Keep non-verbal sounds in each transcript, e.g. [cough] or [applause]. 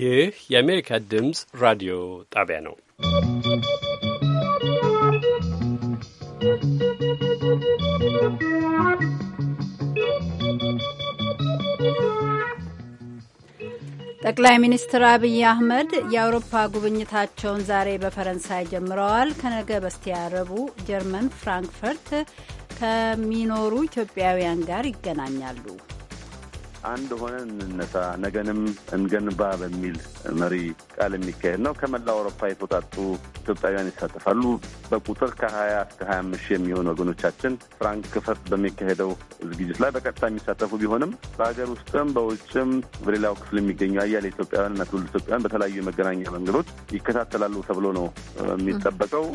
ይህ የአሜሪካ ድምፅ ራዲዮ ጣቢያ ነው። ጠቅላይ ሚኒስትር አብይ አህመድ የአውሮፓ ጉብኝታቸውን ዛሬ በፈረንሳይ ጀምረዋል። ከነገ በስቲያ ረቡዕ ጀርመን ፍራንክፈርት ከሚኖሩ ኢትዮጵያውያን ጋር ይገናኛሉ። አንድ ሆነን እንነሳ፣ ነገንም እንገንባ በሚል መሪ ቃል የሚካሄድ ነው። ከመላው አውሮፓ የተውጣጡ ኢትዮጵያውያን ይሳተፋሉ። በቁጥር ከሀያ እስከ ሀያ አምስት ሺህ የሚሆኑ ወገኖቻችን ፍራንክፈርት በሚካሄደው ዝግጅት ላይ በቀጥታ የሚሳተፉ ቢሆንም በሀገር ውስጥም በውጭም በሌላው ክፍል የሚገኙ አያሌ ኢትዮጵያውያን እና ትውልድ ኢትዮጵያውያን በተለያዩ የመገናኛ መንገዶች ይከታተላሉ ተብሎ ነው የሚጠበቀው።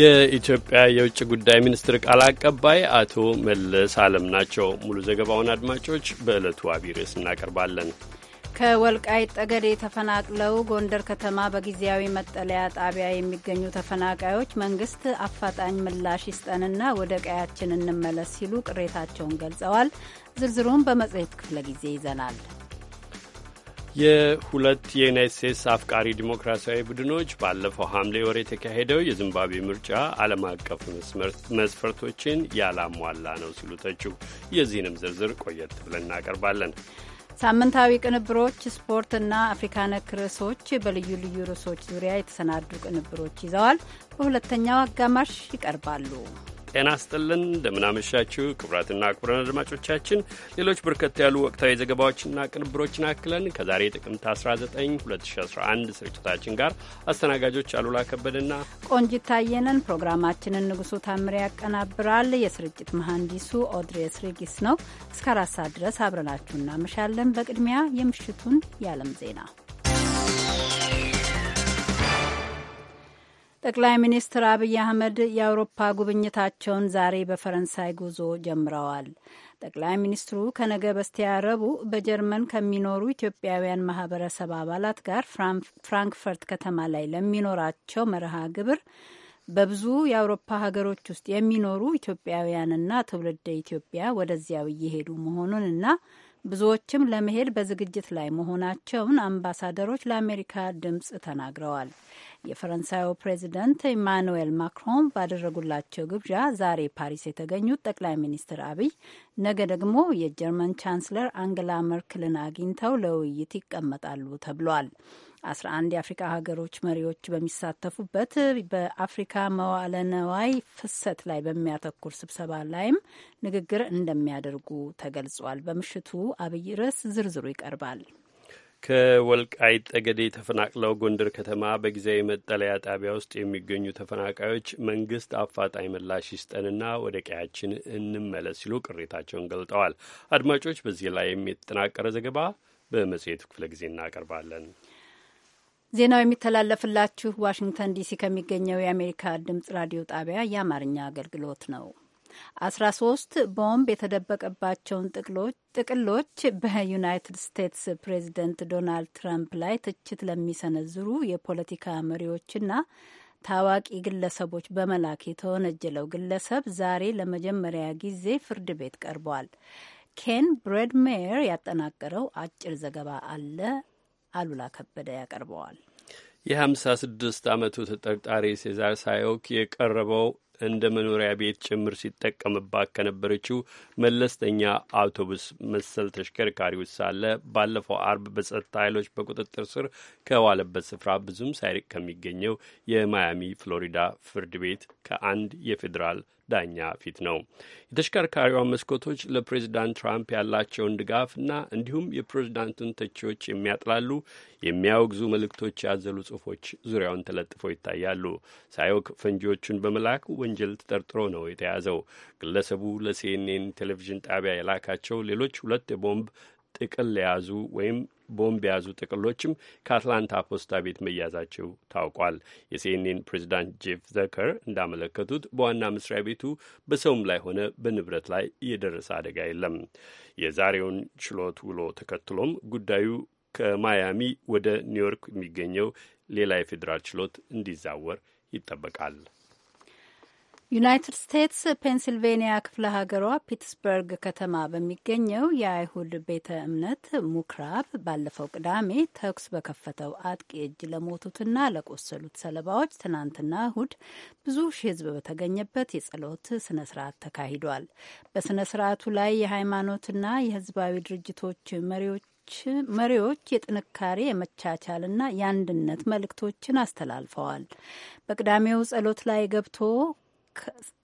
የኢትዮጵያ የውጭ ጉዳይ ሚኒስትር ቃል አቀባይ አቶ መለስ አለም ናቸው። ሙሉ ዘገባውን አድማጮች በዕለቱ አቢይ ርዕስ እናቀርባለን። ከወልቃይት ጠገዴ ተፈናቅለው ጎንደር ከተማ በጊዜያዊ መጠለያ ጣቢያ የሚገኙ ተፈናቃዮች መንግስት አፋጣኝ ምላሽ ይስጠንና ወደ ቀያችን እንመለስ ሲሉ ቅሬታቸውን ገልጸዋል። ዝርዝሩን በመጽሔት ክፍለ ጊዜ ይዘናል። የሁለት የዩናይት ስቴትስ አፍቃሪ ዲሞክራሲያዊ ቡድኖች ባለፈው ሐምሌ ወር የተካሄደው የዚምባብዌ ምርጫ ዓለም አቀፍ መስፈርቶችን ያላሟላ ነው ሲሉ ተቹ። የዚህንም ዝርዝር ቆየት ብለን እናቀርባለን። ሳምንታዊ ቅንብሮች፣ ስፖርትና አፍሪካ ነክ ርዕሶች በልዩ ልዩ ርዕሶች ዙሪያ የተሰናዱ ቅንብሮች ይዘዋል። በሁለተኛው አጋማሽ ይቀርባሉ። ጤና ስጥልን እንደምናመሻችሁ ክቡራትና ክቡራን አድማጮቻችን ሌሎች በርከት ያሉ ወቅታዊ ዘገባዎችና ቅንብሮችን አክለን ከዛሬ ጥቅምት 19 2011 ስርጭታችን ጋር አስተናጋጆች አሉላ ከበደና ቆንጂት ታየነን። ፕሮግራማችንን ንጉሱ ታምር ያቀናብራል። የስርጭት መሐንዲሱ ኦድሬስ ሪጊስ ነው። እስከ አራት ሰዓት ድረስ አብረናችሁ እናመሻለን። በቅድሚያ የምሽቱን የዓለም ዜና ጠቅላይ ሚኒስትር አብይ አህመድ የአውሮፓ ጉብኝታቸውን ዛሬ በፈረንሳይ ጉዞ ጀምረዋል። ጠቅላይ ሚኒስትሩ ከነገ በስቲያ ረቡዕ በጀርመን ከሚኖሩ ኢትዮጵያውያን ማህበረሰብ አባላት ጋር ፍራንክፈርት ከተማ ላይ ለሚኖራቸው መርሃ ግብር በብዙ የአውሮፓ ሀገሮች ውስጥ የሚኖሩ ኢትዮጵያውያንና ትውልደ ኢትዮጵያ ወደዚያው እየሄዱ መሆኑንና ብዙዎችም ለመሄድ በዝግጅት ላይ መሆናቸውን አምባሳደሮች ለአሜሪካ ድምፅ ተናግረዋል። የፈረንሳዩ ፕሬዚደንት ኢማኑኤል ማክሮን ባደረጉላቸው ግብዣ ዛሬ ፓሪስ የተገኙት ጠቅላይ ሚኒስትር አብይ ነገ ደግሞ የጀርመን ቻንስለር አንገላ መርክልን አግኝተው ለውይይት ይቀመጣሉ ተብሏል። 11 የአፍሪካ ሀገሮች መሪዎች በሚሳተፉበት በአፍሪካ መዋዕለ ነዋይ ፍሰት ላይ በሚያተኩር ስብሰባ ላይም ንግግር እንደሚያደርጉ ተገልጿል። በምሽቱ አብይ ርዕስ ዝርዝሩ ይቀርባል። ከወልቃይት ጠገዴ ተፈናቅለው ጎንደር ከተማ በጊዜያዊ መጠለያ ጣቢያ ውስጥ የሚገኙ ተፈናቃዮች መንግስት አፋጣኝ ምላሽ ይስጠንና ወደ ቀያችን እንመለስ ሲሉ ቅሬታቸውን ገልጠዋል። አድማጮች፣ በዚህ ላይ የሚጠናቀረ ዘገባ በመጽሔቱ ክፍለ ጊዜ እናቀርባለን። ዜናው የሚተላለፍላችሁ ዋሽንግተን ዲሲ ከሚገኘው የአሜሪካ ድምጽ ራዲዮ ጣቢያ የአማርኛ አገልግሎት ነው። አስራ ሶስት ቦምብ የተደበቀባቸውን ጥቅሎች በዩናይትድ ስቴትስ ፕሬዚደንት ዶናልድ ትራምፕ ላይ ትችት ለሚሰነዝሩ የፖለቲካ መሪዎችና ታዋቂ ግለሰቦች በመላክ የተወነጀለው ግለሰብ ዛሬ ለመጀመሪያ ጊዜ ፍርድ ቤት ቀርቧል። ኬን ብሬድሜር ያጠናቀረው አጭር ዘገባ አለ አሉላ ከበደ ያቀርበዋል። የሀምሳ ስድስት ዓመቱ ተጠርጣሪ ሴዛር ሳዮክ የቀረበው እንደ መኖሪያ ቤት ጭምር ሲጠቀምባት ከነበረችው መለስተኛ አውቶቡስ መሰል ተሽከርካሪ ውስጥ ሳለ ባለፈው አርብ በጸጥታ ኃይሎች በቁጥጥር ስር ከዋለበት ስፍራ ብዙም ሳይርቅ ከሚገኘው የማያሚ ፍሎሪዳ ፍርድ ቤት ከአንድ የፌዴራል ዳኛ ፊት ነው። የተሽከርካሪዋ መስኮቶች ለፕሬዚዳንት ትራምፕ ያላቸውን ድጋፍና እንዲሁም የፕሬዚዳንቱን ተቺዎች የሚያጥላሉ የሚያወግዙ መልእክቶች ያዘሉ ጽሁፎች ዙሪያውን ተለጥፈው ይታያሉ። ሳይወክ ፈንጂዎቹን በመላክ ወንጀል ተጠርጥሮ ነው የተያዘው። ግለሰቡ ለሲኤንኤን ቴሌቪዥን ጣቢያ የላካቸው ሌሎች ሁለት የቦምብ ጥቅል የያዙ ወይም ቦምብ የያዙ ጥቅሎችም ከአትላንታ ፖስታ ቤት መያዛቸው ታውቋል። የሲኤንኤን ፕሬዚዳንት ጄፍ ዘከር እንዳመለከቱት በዋና መስሪያ ቤቱ በሰውም ላይ ሆነ በንብረት ላይ የደረሰ አደጋ የለም። የዛሬውን ችሎት ውሎ ተከትሎም ጉዳዩ ከማያሚ ወደ ኒውዮርክ የሚገኘው ሌላ የፌዴራል ችሎት እንዲዛወር ይጠበቃል። ዩናይትድ ስቴትስ ፔንሲልቬንያ ክፍለ ሀገሯ ፒትስበርግ ከተማ በሚገኘው የአይሁድ ቤተ እምነት ሙክራብ ባለፈው ቅዳሜ ተኩስ በከፈተው አጥቂ እጅ ለሞቱትና ለቆሰሉት ሰለባዎች ትናንትና እሁድ ብዙ ሺህ ሕዝብ በተገኘበት የጸሎት ስነ ስርዓት ተካሂዷል። በስነ ስርዓቱ ላይ የሃይማኖትና የህዝባዊ ድርጅቶች መሪዎች መሪዎች የጥንካሬ የመቻቻልና የአንድነት መልእክቶችን አስተላልፈዋል። በቅዳሜው ጸሎት ላይ ገብቶ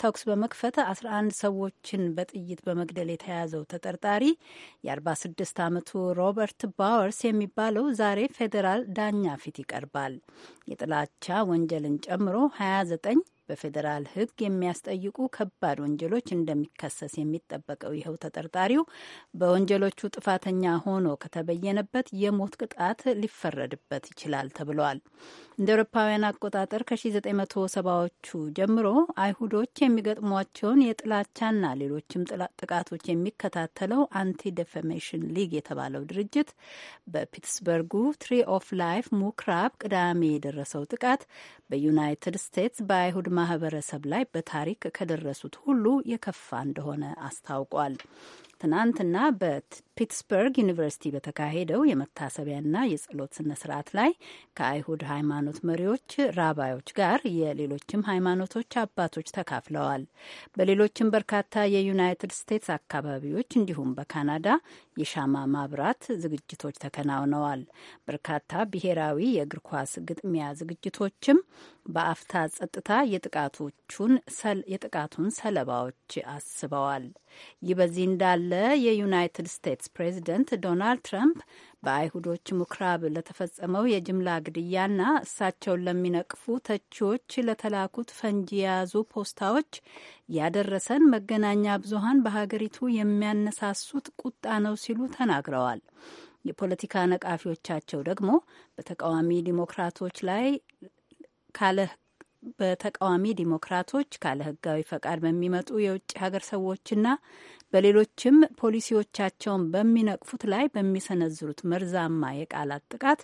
ተኩስ በመክፈት 11 ሰዎችን በጥይት በመግደል የተያዘው ተጠርጣሪ የ46 ዓመቱ ሮበርት ባወርስ የሚባለው ዛሬ ፌዴራል ዳኛ ፊት ይቀርባል። የጥላቻ ወንጀልን ጨምሮ 29 በፌዴራል ሕግ የሚያስጠይቁ ከባድ ወንጀሎች እንደሚከሰስ የሚጠበቀው ይኸው ተጠርጣሪው በወንጀሎቹ ጥፋተኛ ሆኖ ከተበየነበት የሞት ቅጣት ሊፈረድበት ይችላል ተብሏል። እንደ አውሮፓውያን አቆጣጠር ከ1970ዎቹ ጀምሮ አይሁዶች የሚገጥሟቸውን የጥላቻና ሌሎችም ጥቃቶች የሚከታተለው አንቲ ዴፌሜሽን ሊግ የተባለው ድርጅት በፒትስበርጉ ትሪ ኦፍ ላይፍ ሙክራብ ቅዳሜ የደረሰው ጥቃት በዩናይትድ ስቴትስ በአይሁድ ማህበረሰብ ላይ በታሪክ ከደረሱት ሁሉ የከፋ እንደሆነ አስታውቋል። ትናንትና ፒትስበርግ ዩኒቨርሲቲ በተካሄደው የመታሰቢያና የጸሎት ስነ ስርዓት ላይ ከአይሁድ ሃይማኖት መሪዎች፣ ራባዮች ጋር የሌሎችም ሃይማኖቶች አባቶች ተካፍለዋል። በሌሎችም በርካታ የዩናይትድ ስቴትስ አካባቢዎች እንዲሁም በካናዳ የሻማ ማብራት ዝግጅቶች ተከናውነዋል። በርካታ ብሔራዊ የእግር ኳስ ግጥሚያ ዝግጅቶችም በአፍታ ጸጥታ የጥቃቱን ሰለባዎች አስበዋል። ይህ በዚህ እንዳለ የዩናይትድ ስቴትስ ፕሬዚደንት ዶናልድ ትራምፕ በአይሁዶች ምኩራብ ለተፈጸመው የጅምላ ግድያና እሳቸውን ለሚነቅፉ ተቺዎች ለተላኩት ፈንጂ የያዙ ፖስታዎች ያደረሰን መገናኛ ብዙሃን በሀገሪቱ የሚያነሳሱት ቁጣ ነው ሲሉ ተናግረዋል። የፖለቲካ ነቃፊዎቻቸው ደግሞ በተቃዋሚ ዲሞክራቶች ላይ ካለ በተቃዋሚ ዲሞክራቶች ካለ ህጋዊ ፈቃድ በሚመጡ የውጭ ሀገር ሰዎችና በሌሎችም ፖሊሲዎቻቸውን በሚነቅፉት ላይ በሚሰነዝሩት መርዛማ የቃላት ጥቃት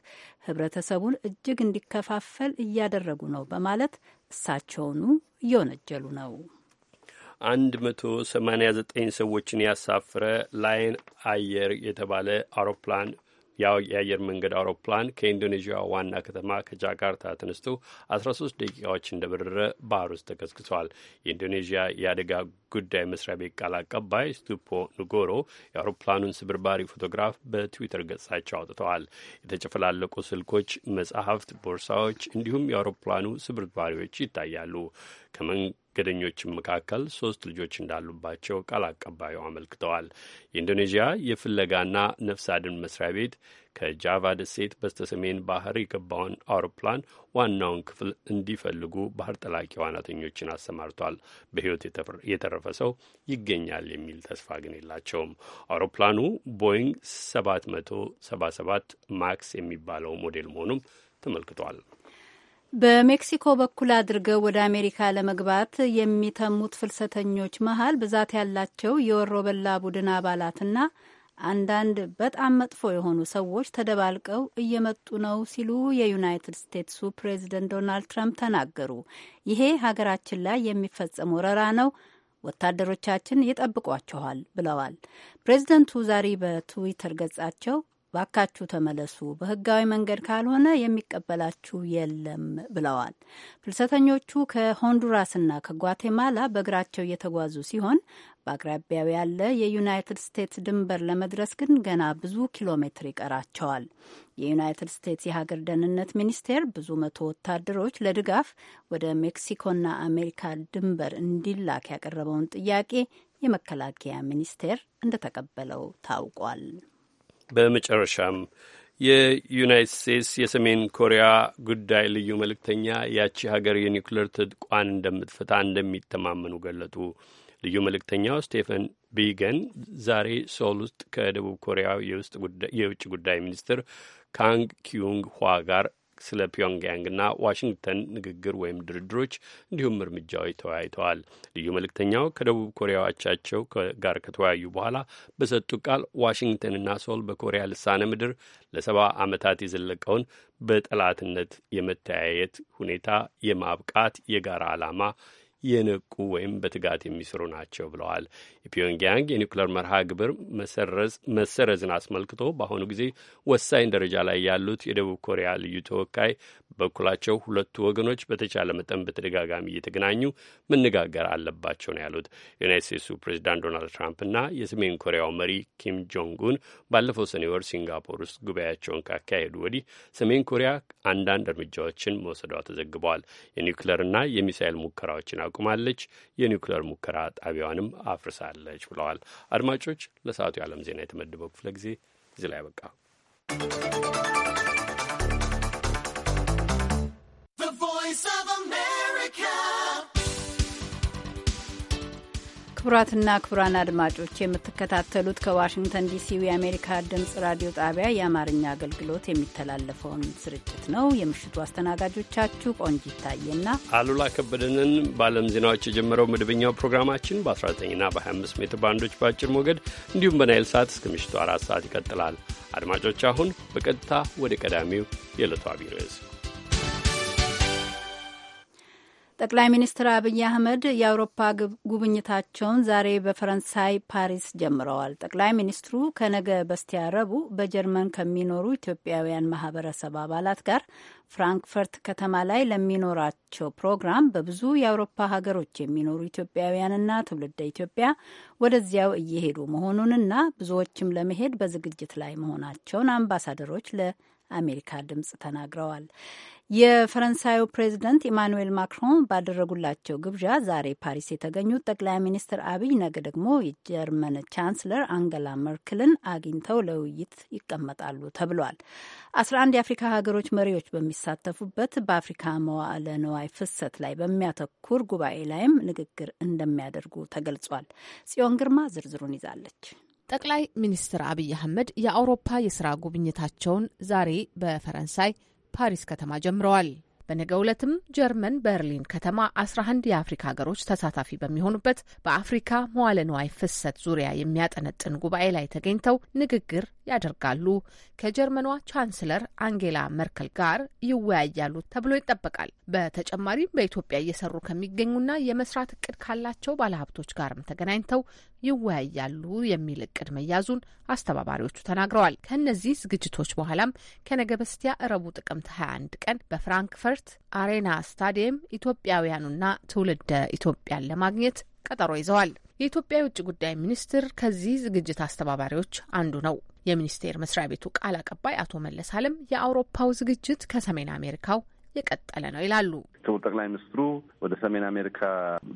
ህብረተሰቡን እጅግ እንዲከፋፈል እያደረጉ ነው በማለት እሳቸውኑ እየወነጀሉ ነው። ዘጠኝ ሰዎችን ያሳፈረ ላይን አየር የተባለ አውሮፕላን የአየር መንገድ አውሮፕላን ከኢንዶኔዥያ ዋና ከተማ ከጃካርታ ተነስቶ 13 ደቂቃዎች እንደበረረ ባህር ውስጥ ተከስክሷል። የኢንዶኔዥያ የአደጋ ጉዳይ መስሪያ ቤት ቃል አቀባይ ስቱፖ ንጎሮ የአውሮፕላኑን ስብርባሪ ፎቶግራፍ በትዊተር ገጻቸው አውጥተዋል። የተጨፈላለቁ ስልኮች፣ መጽሐፍት፣ ቦርሳዎች እንዲሁም የአውሮፕላኑ ስብርባሪዎች ይታያሉ። ከእግደኞችም መካከል ሶስት ልጆች እንዳሉባቸው ቃል አቀባዩ አመልክተዋል። የኢንዶኔዥያ የፍለጋና ነፍስ አድን መስሪያ ቤት ከጃቫ ደሴት በስተሰሜን ባህር የገባውን አውሮፕላን ዋናውን ክፍል እንዲፈልጉ ባህር ጠላቂ ዋናተኞችን አሰማርቷል። በሕይወት የተረፈ ሰው ይገኛል የሚል ተስፋ ግን የላቸውም። አውሮፕላኑ ቦይንግ 777 ማክስ የሚባለው ሞዴል መሆኑም ተመልክቷል። በሜክሲኮ በኩል አድርገው ወደ አሜሪካ ለመግባት የሚተሙት ፍልሰተኞች መሀል ብዛት ያላቸው የወሮ በላ ቡድን አባላትና አንዳንድ በጣም መጥፎ የሆኑ ሰዎች ተደባልቀው እየመጡ ነው ሲሉ የዩናይትድ ስቴትሱ ፕሬዚደንት ዶናልድ ትራምፕ ተናገሩ። ይሄ ሀገራችን ላይ የሚፈጸም ወረራ ነው፣ ወታደሮቻችን ይጠብቋቸዋል ብለዋል። ፕሬዚደንቱ ዛሬ በትዊተር ገጻቸው ባካችሁ ተመለሱ፣ በህጋዊ መንገድ ካልሆነ የሚቀበላችሁ የለም ብለዋል። ፍልሰተኞቹ ከሆንዱራስና ከጓቴማላ በእግራቸው እየተጓዙ ሲሆን በአቅራቢያው ያለ የዩናይትድ ስቴትስ ድንበር ለመድረስ ግን ገና ብዙ ኪሎ ሜትር ይቀራቸዋል። የዩናይትድ ስቴትስ የሀገር ደህንነት ሚኒስቴር ብዙ መቶ ወታደሮች ለድጋፍ ወደ ሜክሲኮና አሜሪካ ድንበር እንዲላክ ያቀረበውን ጥያቄ የመከላከያ ሚኒስቴር እንደተቀበለው ታውቋል። በመጨረሻም የዩናይትድ ስቴትስ የሰሜን ኮሪያ ጉዳይ ልዩ መልእክተኛ ያቺ ሀገር የኒውክሌር ትጥቋን እንደምትፈታ እንደሚተማመኑ ገለጡ። ልዩ መልእክተኛው ስቴፈን ቢገን ዛሬ ሶል ውስጥ ከደቡብ ኮሪያ የውጭ ጉዳይ ሚኒስትር ካንግ ኪዩንግ ኋ ጋር ስለ ፒዮንግያንግና ዋሽንግተን ንግግር ወይም ድርድሮች እንዲሁም እርምጃዎች ተወያይተዋል። ልዩ መልእክተኛው ከደቡብ ኮሪያዎቻቸው ጋር ከተወያዩ በኋላ በሰጡት ቃል ዋሽንግተንና ሶል በኮሪያ ልሳነ ምድር ለሰባ ዓመታት የዘለቀውን በጠላትነት የመተያየት ሁኔታ የማብቃት የጋራ ዓላማ የነቁ ወይም በትጋት የሚሰሩ ናቸው ብለዋል። የፒዮንግያንግ የኒውክሌር መርሃ ግብር መሰረዝን አስመልክቶ በአሁኑ ጊዜ ወሳኝ ደረጃ ላይ ያሉት የደቡብ ኮሪያ ልዩ ተወካይ በበኩላቸው ሁለቱ ወገኖች በተቻለ መጠን በተደጋጋሚ እየተገናኙ መነጋገር አለባቸው ነው ያሉት። የዩናይት ስቴትሱ ፕሬዚዳንት ዶናልድ ትራምፕና የሰሜን ኮሪያው መሪ ኪም ጆንግ ኡን ባለፈው ሰኔ ወር ሲንጋፖር ውስጥ ጉባኤያቸውን ካካሄዱ ወዲህ ሰሜን ኮሪያ አንዳንድ እርምጃዎችን መውሰዷ ተዘግበዋል። የኒውክለርና የሚሳይል ሙከራዎችን አቁማለች፣ የኒውክለር ሙከራ ጣቢያዋንም አፍርሳለች ብለዋል። አድማጮች፣ ለሰዓቱ የዓለም ዜና የተመደበው ክፍለ ጊዜ እዚህ ላይ you. ክቡራትና ክቡራን አድማጮች የምትከታተሉት ከዋሽንግተን ዲሲው የአሜሪካ ድምፅ ራዲዮ ጣቢያ የአማርኛ አገልግሎት የሚተላለፈውን ስርጭት ነው። የምሽቱ አስተናጋጆቻችሁ ቆንጅ ይታየና አሉላ ከበደንን በዓለም ዜናዎች የጀመረው መደበኛው ፕሮግራማችን በ19ና በ25 ሜትር ባንዶች በአጭር ሞገድ እንዲሁም በናይል ሰዓት እስከ ምሽቱ አራት ሰዓት ይቀጥላል። አድማጮች አሁን በቀጥታ ወደ ቀዳሚው የዕለቱ አብይ ርዕስ ጠቅላይ ሚኒስትር አብይ አህመድ የአውሮፓ ጉብኝታቸውን ዛሬ በፈረንሳይ ፓሪስ ጀምረዋል። ጠቅላይ ሚኒስትሩ ከነገ በስቲያ ረቡዕ በጀርመን ከሚኖሩ ኢትዮጵያውያን ማህበረሰብ አባላት ጋር ፍራንክፈርት ከተማ ላይ ለሚኖራቸው ፕሮግራም በብዙ የአውሮፓ ሀገሮች የሚኖሩ ኢትዮጵያውያንና ትውልደ ኢትዮጵያ ወደዚያው እየሄዱ መሆኑንና ብዙዎችም ለመሄድ በዝግጅት ላይ መሆናቸውን አምባሳደሮች ለ አሜሪካ ድምጽ ተናግረዋል። የፈረንሳዩ ፕሬዚደንት ኢማኑዌል ማክሮን ባደረጉላቸው ግብዣ ዛሬ ፓሪስ የተገኙት ጠቅላይ ሚኒስትር አብይ ነገ ደግሞ የጀርመን ቻንስለር አንገላ መርክልን አግኝተው ለውይይት ይቀመጣሉ ተብሏል። አስራ አንድ የአፍሪካ ሀገሮች መሪዎች በሚሳተፉበት በአፍሪካ መዋዕለ ነዋይ ፍሰት ላይ በሚያተኩር ጉባኤ ላይም ንግግር እንደሚያደርጉ ተገልጿል። ጽዮን ግርማ ዝርዝሩን ይዛለች። ጠቅላይ ሚኒስትር አብይ አህመድ የአውሮፓ የስራ ጉብኝታቸውን ዛሬ በፈረንሳይ ፓሪስ ከተማ ጀምረዋል። በነገው ዕለትም ጀርመን በርሊን ከተማ 11 የአፍሪካ ሀገሮች ተሳታፊ በሚሆኑበት በአፍሪካ መዋለ ንዋይ ፍሰት ዙሪያ የሚያጠነጥን ጉባኤ ላይ ተገኝተው ንግግር ያደርጋሉ። ከጀርመኗ ቻንስለር አንጌላ መርከል ጋር ይወያያሉ ተብሎ ይጠበቃል። በተጨማሪም በኢትዮጵያ እየሰሩ ከሚገኙና የመስራት እቅድ ካላቸው ባለሀብቶች ጋርም ተገናኝተው ይወያያሉ የሚል እቅድ መያዙን አስተባባሪዎቹ ተናግረዋል። ከእነዚህ ዝግጅቶች በኋላም ከነገ በስቲያ እረቡ ጥቅምት 21 ቀን በፍራንክፈር ኤምሬትስ አሬና ስታዲየም ኢትዮጵያውያኑና ትውልደ ኢትዮጵያን ለማግኘት ቀጠሮ ይዘዋል። የኢትዮጵያ የውጭ ጉዳይ ሚኒስትር ከዚህ ዝግጅት አስተባባሪዎች አንዱ ነው። የሚኒስቴር መስሪያ ቤቱ ቃል አቀባይ አቶ መለስ አለም የአውሮፓው ዝግጅት ከሰሜን አሜሪካው የቀጠለ ነው ይላሉ። ክቡር ጠቅላይ ሚኒስትሩ ወደ ሰሜን አሜሪካ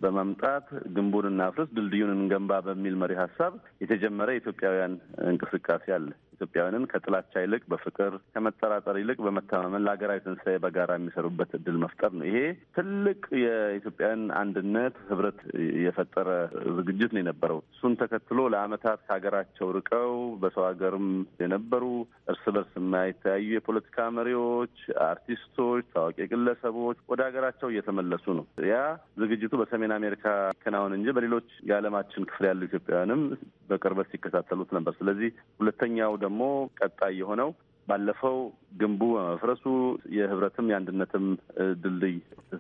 በመምጣት ግንቡን እናፍርስ ድልድዩን እንገንባ በሚል መሪ ሀሳብ የተጀመረ የኢትዮጵያውያን እንቅስቃሴ አለ። ኢትዮጵያውያንን ከጥላቻ ይልቅ በፍቅር ከመጠራጠር ይልቅ በመተማመን ለሀገራዊ ትንሳኤ በጋራ የሚሰሩበት እድል መፍጠር ነው። ይሄ ትልቅ የኢትዮጵያን አንድነት ህብረት የፈጠረ ዝግጅት ነው የነበረው። እሱን ተከትሎ ለአመታት ከሀገራቸው ርቀው በሰው ሀገርም የነበሩ እርስ በርስ የማይተያዩ የፖለቲካ መሪዎች፣ አርቲስቶች፣ ታዋቂ ግለሰቦች ወደ ሀገራቸው እየተመለሱ ነው። ያ ዝግጅቱ በሰሜን አሜሪካ ይከናወን እንጂ በሌሎች የዓለማችን ክፍል ያሉ ኢትዮጵያውያንም በቅርበት ሲከታተሉት ነበር። ስለዚህ ሁለተኛው ደግሞ ቀጣይ የሆነው ባለፈው ግንቡ በመፍረሱ የህብረትም የአንድነትም ድልድይ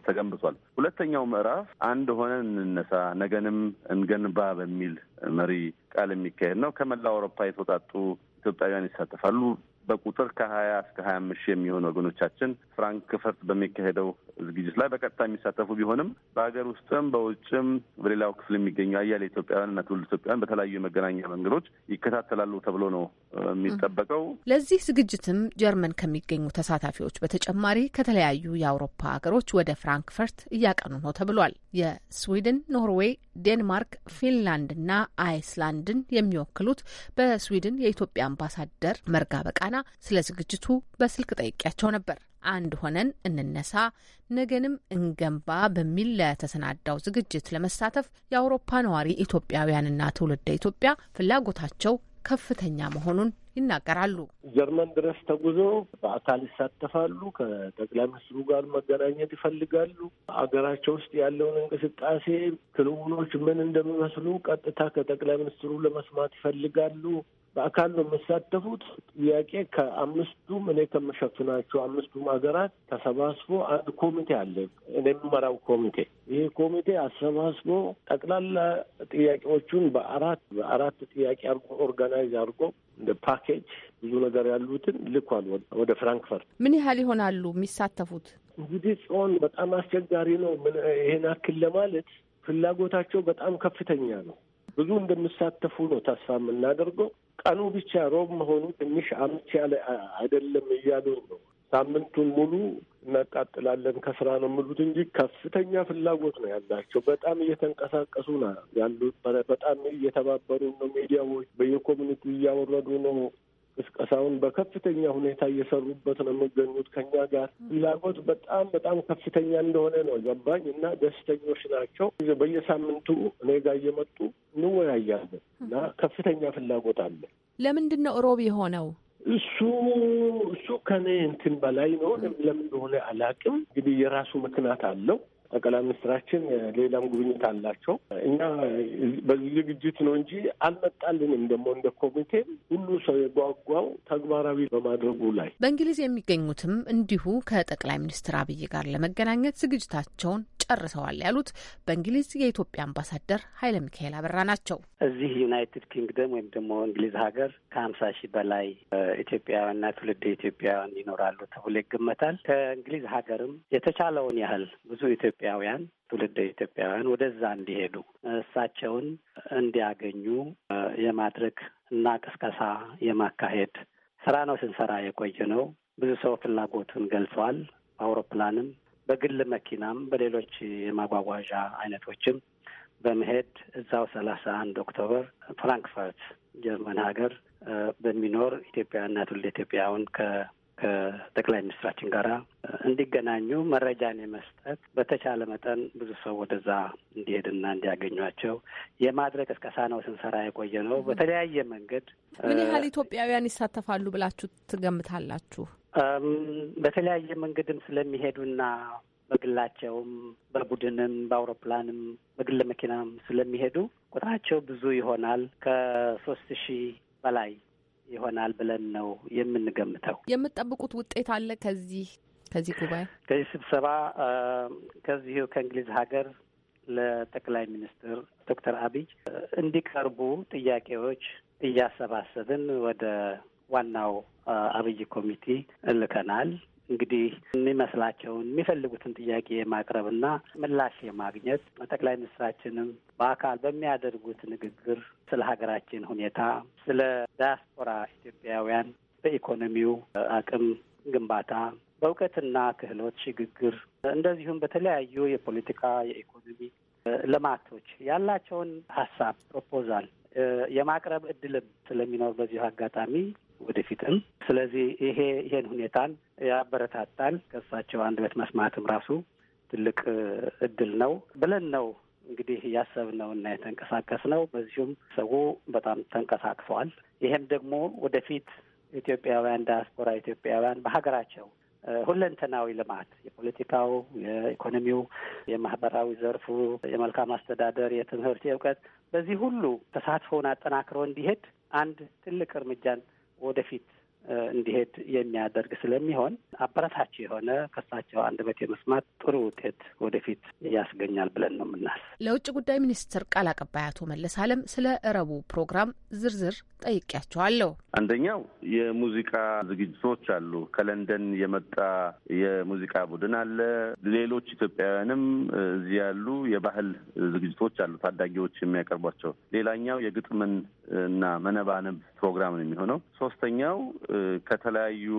ተገንብቷል። ሁለተኛው ምዕራፍ አንድ ሆነን እንነሳ፣ ነገንም እንገንባ በሚል መሪ ቃል የሚካሄድ ነው። ከመላው አውሮፓ የተውጣጡ ኢትዮጵያውያን ይሳተፋሉ። በቁጥር ከሀያ እስከ ሀያ አምስት ሺህ የሚሆኑ ወገኖቻችን ፍራንክፈርት በሚካሄደው ዝግጅት ላይ በቀጥታ የሚሳተፉ ቢሆንም በሀገር ውስጥም በውጭም በሌላው ክፍል የሚገኙ አያሌ ኢትዮጵያውያን እና ትውልድ ኢትዮጵያውያን በተለያዩ የመገናኛ መንገዶች ይከታተላሉ ተብሎ ነው የሚጠበቀው። ለዚህ ዝግጅትም ጀርመን ከሚገኙ ተሳታፊዎች በተጨማሪ ከተለያዩ የአውሮፓ ሀገሮች ወደ ፍራንክፈርት እያቀኑ ነው ተብሏል። የስዊድን፣ ኖርዌይ፣ ዴንማርክ፣ ፊንላንድ አይስላንድን የሚወክሉት በስዊድን የኢትዮጵያ አምባሳደር መርጋ በቃና ስለ ዝግጅቱ በስልክ ጠይቂያቸው ነበር። አንድ ሆነን እንነሳ ነገንም እንገንባ በሚል ለተሰናዳው ዝግጅት ለመሳተፍ የአውሮፓ ነዋሪ ኢትዮጵያውያንና ትውልደ ኢትዮጵያ ፍላጎታቸው ከፍተኛ መሆኑን ይናገራሉ። ጀርመን ድረስ ተጉዞ በአካል ይሳተፋሉ። ከጠቅላይ ሚኒስትሩ ጋር መገናኘት ይፈልጋሉ። አገራቸው ውስጥ ያለውን እንቅስቃሴ፣ ክንውኖች ምን እንደሚመስሉ ቀጥታ ከጠቅላይ ሚኒስትሩ ለመስማት ይፈልጋሉ። በአካል ነው የሚሳተፉት። ጥያቄ ከአምስቱም እኔ ከምሸፍናቸው አምስቱም ሀገራት ተሰባስቦ አንድ ኮሚቴ አለ፣ እኔ የምመራው ኮሚቴ። ይህ ኮሚቴ አሰባስቦ ጠቅላላ ጥያቄዎቹን በአራት በአራት ጥያቄ ኦርጋናይዝ አድርጎ እንደ ፓኬጅ ብዙ ነገር ያሉትን ልኳል ወደ ፍራንክፈርት። ምን ያህል ይሆናሉ የሚሳተፉት? እንግዲህ ጽዮን በጣም አስቸጋሪ ነው። ምን ይሄን አክል ለማለት ፍላጎታቸው በጣም ከፍተኛ ነው። ብዙ እንደሚሳተፉ ነው ተስፋ የምናደርገው። ቀኑ ብቻ ሮብ መሆኑ ትንሽ አመች ያለ አይደለም እያሉ ነው ሳምንቱን ሙሉ እናቃጥላለን ከስራ ነው የምሉት እንጂ ከፍተኛ ፍላጎት ነው ያላቸው። በጣም እየተንቀሳቀሱ ነው ያሉት። በጣም እየተባበሩ ነው። ሚዲያዎች በየኮሚኒቲው እያወረዱ ነው። ቅስቀሳውን በከፍተኛ ሁኔታ እየሰሩበት ነው የሚገኙት። ከኛ ጋር ፍላጎት በጣም በጣም ከፍተኛ እንደሆነ ነው ገባኝ እና ደስተኞች ናቸው። በየሳምንቱ እኔ ጋር እየመጡ እንወያያለን እና ከፍተኛ ፍላጎት አለ። ለምንድን ነው ሮብ የሆነው? እሱ እሱ ከኔ እንትን በላይ ነው። ለምን እንደሆነ አላውቅም። እንግዲህ የራሱ ምክንያት አለው። ጠቅላይ ሚኒስትራችን ሌላም ጉብኝት አላቸው። እኛ በዚህ ዝግጅት ነው እንጂ አልመጣልንም። ደግሞ እንደ ኮሚቴ ሁሉ ሰው የጓጓው ተግባራዊ በማድረጉ ላይ በእንግሊዝ የሚገኙትም እንዲሁ ከጠቅላይ ሚኒስትር አብይ ጋር ለመገናኘት ዝግጅታቸውን ጨርሰዋል ያሉት በእንግሊዝ የኢትዮጵያ አምባሳደር ኃይለ ሚካኤል አበራ ናቸው። እዚህ ዩናይትድ ኪንግደም ወይም ደግሞ እንግሊዝ ሀገር ከሀምሳ ሺህ በላይ ኢትዮጵያውያንና ትውልድ ኢትዮጵያውያን ይኖራሉ ተብሎ ይገመታል። ከእንግሊዝ ሀገርም የተቻለውን ያህል ብዙ ኢትዮጵያውያን ትውልደ ኢትዮጵያውያን ወደዛ እንዲሄዱ እሳቸውን እንዲያገኙ የማድረግ እና ቅስቀሳ የማካሄድ ስራ ነው ስንሰራ የቆየ ነው። ብዙ ሰው ፍላጎቱን ገልጸዋል። በአውሮፕላንም በግል መኪናም በሌሎች የማጓጓዣ አይነቶችም በመሄድ እዛው ሰላሳ አንድ ኦክቶበር ፍራንክፈርት ጀርመን ሀገር በሚኖር ኢትዮጵያና ትውልደ ኢትዮጵያውን ከ ከጠቅላይ ሚኒስትራችን ጋር እንዲገናኙ መረጃን የመስጠት በተቻለ መጠን ብዙ ሰው ወደዛ እንዲሄድና እንዲያገኟቸው የማድረግ እስቀሳ ነው ስንሰራ የቆየ ነው። በተለያየ መንገድ ምን ያህል ኢትዮጵያውያን ይሳተፋሉ ብላችሁ ትገምታላችሁ? በተለያየ መንገድም ስለሚሄዱና በግላቸውም በቡድንም በአውሮፕላንም በግል መኪናም ስለሚሄዱ ቁጥራቸው ብዙ ይሆናል። ከሶስት ሺህ በላይ ይሆናል ብለን ነው የምንገምተው። የምትጠብቁት ውጤት አለ ከዚህ ከዚህ ጉባኤ ከዚህ ስብሰባ ከዚሁ ከእንግሊዝ ሀገር ለጠቅላይ ሚኒስትር ዶክተር አብይ እንዲቀርቡ ጥያቄዎች እያሰባሰብን ወደ ዋናው አብይ ኮሚቴ እልከናል። እንግዲህ የሚመስላቸውን የሚፈልጉትን ጥያቄ የማቅረብና ምላሽ የማግኘት ጠቅላይ ሚኒስትራችንም በአካል በሚያደርጉት ንግግር ስለ ሀገራችን ሁኔታ፣ ስለ ዳያስፖራ ኢትዮጵያውያን በኢኮኖሚው አቅም ግንባታ በእውቀትና ክህሎት ሽግግር እንደዚሁም በተለያዩ የፖለቲካ የኢኮኖሚ ልማቶች ያላቸውን ሀሳብ ፕሮፖዛል የማቅረብ እድልም ስለሚኖር በዚሁ አጋጣሚ ወደፊትም። ስለዚህ ይሄ ይሄን ሁኔታን ያበረታታል። ከእሳቸው አንድ ቤት መስማትም ራሱ ትልቅ እድል ነው ብለን ነው እንግዲህ ያሰብነው እና የተንቀሳቀስ ነው። በዚሁም ሰው በጣም ተንቀሳቅሰዋል። ይሄም ደግሞ ወደፊት ኢትዮጵያውያን ዲያስፖራ ኢትዮጵያውያን በሀገራቸው ሁለንተናዊ ልማት የፖለቲካው፣ የኢኮኖሚው፣ የማህበራዊ ዘርፉ፣ የመልካም አስተዳደር፣ የትምህርት፣ የእውቀት በዚህ ሁሉ ተሳትፎውን አጠናክሮ እንዲሄድ አንድ ትልቅ እርምጃን ወደፊት እንዲሄድ የሚያደርግ ስለሚሆን አበረታች የሆነ ከሳቸው አንደበት የመስማት ጥሩ ውጤት ወደፊት ያስገኛል ብለን ነው የምናስ ለውጭ ጉዳይ ሚኒስትር ቃል አቀባይ አቶ መለስ አለም ስለ እረቡ ፕሮግራም ዝርዝር ጠይቄያቸዋለሁ። አንደኛው የሙዚቃ ዝግጅቶች አሉ። ከለንደን የመጣ የሙዚቃ ቡድን አለ። ሌሎች ኢትዮጵያውያንም እዚህ ያሉ የባህል ዝግጅቶች አሉ፣ ታዳጊዎች የሚያቀርቧቸው። ሌላኛው የግጥምን እና መነባነብ ፕሮግራም ነው የሚሆነው። ሶስተኛው ከተለያዩ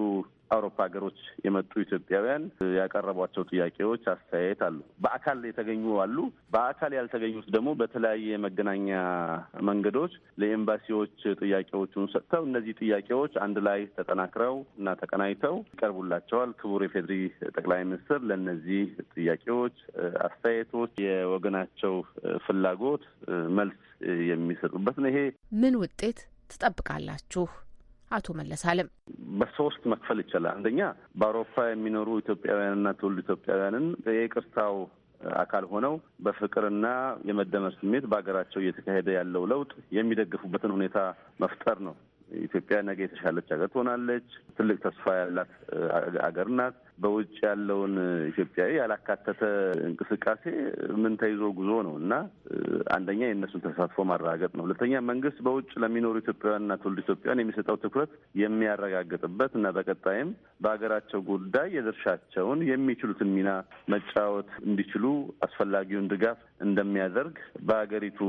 አውሮፓ ሀገሮች የመጡ ኢትዮጵያውያን ያቀረቧቸው ጥያቄዎች፣ አስተያየት አሉ። በአካል የተገኙ አሉ። በአካል ያልተገኙት ደግሞ በተለያየ የመገናኛ መንገዶች ለኤምባሲዎች ጥያቄዎቹን ሰጥተው እነዚህ ጥያቄዎች አንድ ላይ ተጠናክረው እና ተቀናይተው ይቀርቡላቸዋል። ክቡር የፌዴሪ ጠቅላይ ሚኒስትር ለእነዚህ ጥያቄዎች፣ አስተያየቶች፣ የወገናቸው ፍላጎት መልስ የሚሰጡበት ነው። ይሄ ምን ውጤት ትጠብቃላችሁ? አቶ መለስ አለም በሶስት መክፈል ይቻላል። አንደኛ በአውሮፓ የሚኖሩ ኢትዮጵያውያንና ትውልድ ኢትዮጵያውያንን የቅርታው አካል ሆነው በፍቅርና የመደመር ስሜት በሀገራቸው እየተካሄደ ያለው ለውጥ የሚደግፉበትን ሁኔታ መፍጠር ነው። ኢትዮጵያ ነገ የተሻለች ሀገር ትሆናለች። ትልቅ ተስፋ ያላት ሀገር ናት። በውጭ ያለውን ኢትዮጵያዊ ያላካተተ እንቅስቃሴ ምን ተይዞ ጉዞ ነው እና አንደኛ የእነሱን ተሳትፎ ማረጋገጥ ነው። ሁለተኛ መንግስት በውጭ ለሚኖሩ ኢትዮጵያውያንና ትውልድ ኢትዮጵያውያን የሚሰጠው ትኩረት የሚያረጋግጥበት እና በቀጣይም በሀገራቸው ጉዳይ የድርሻቸውን የሚችሉትን ሚና መጫወት እንዲችሉ አስፈላጊውን ድጋፍ እንደሚያደርግ በሀገሪቱ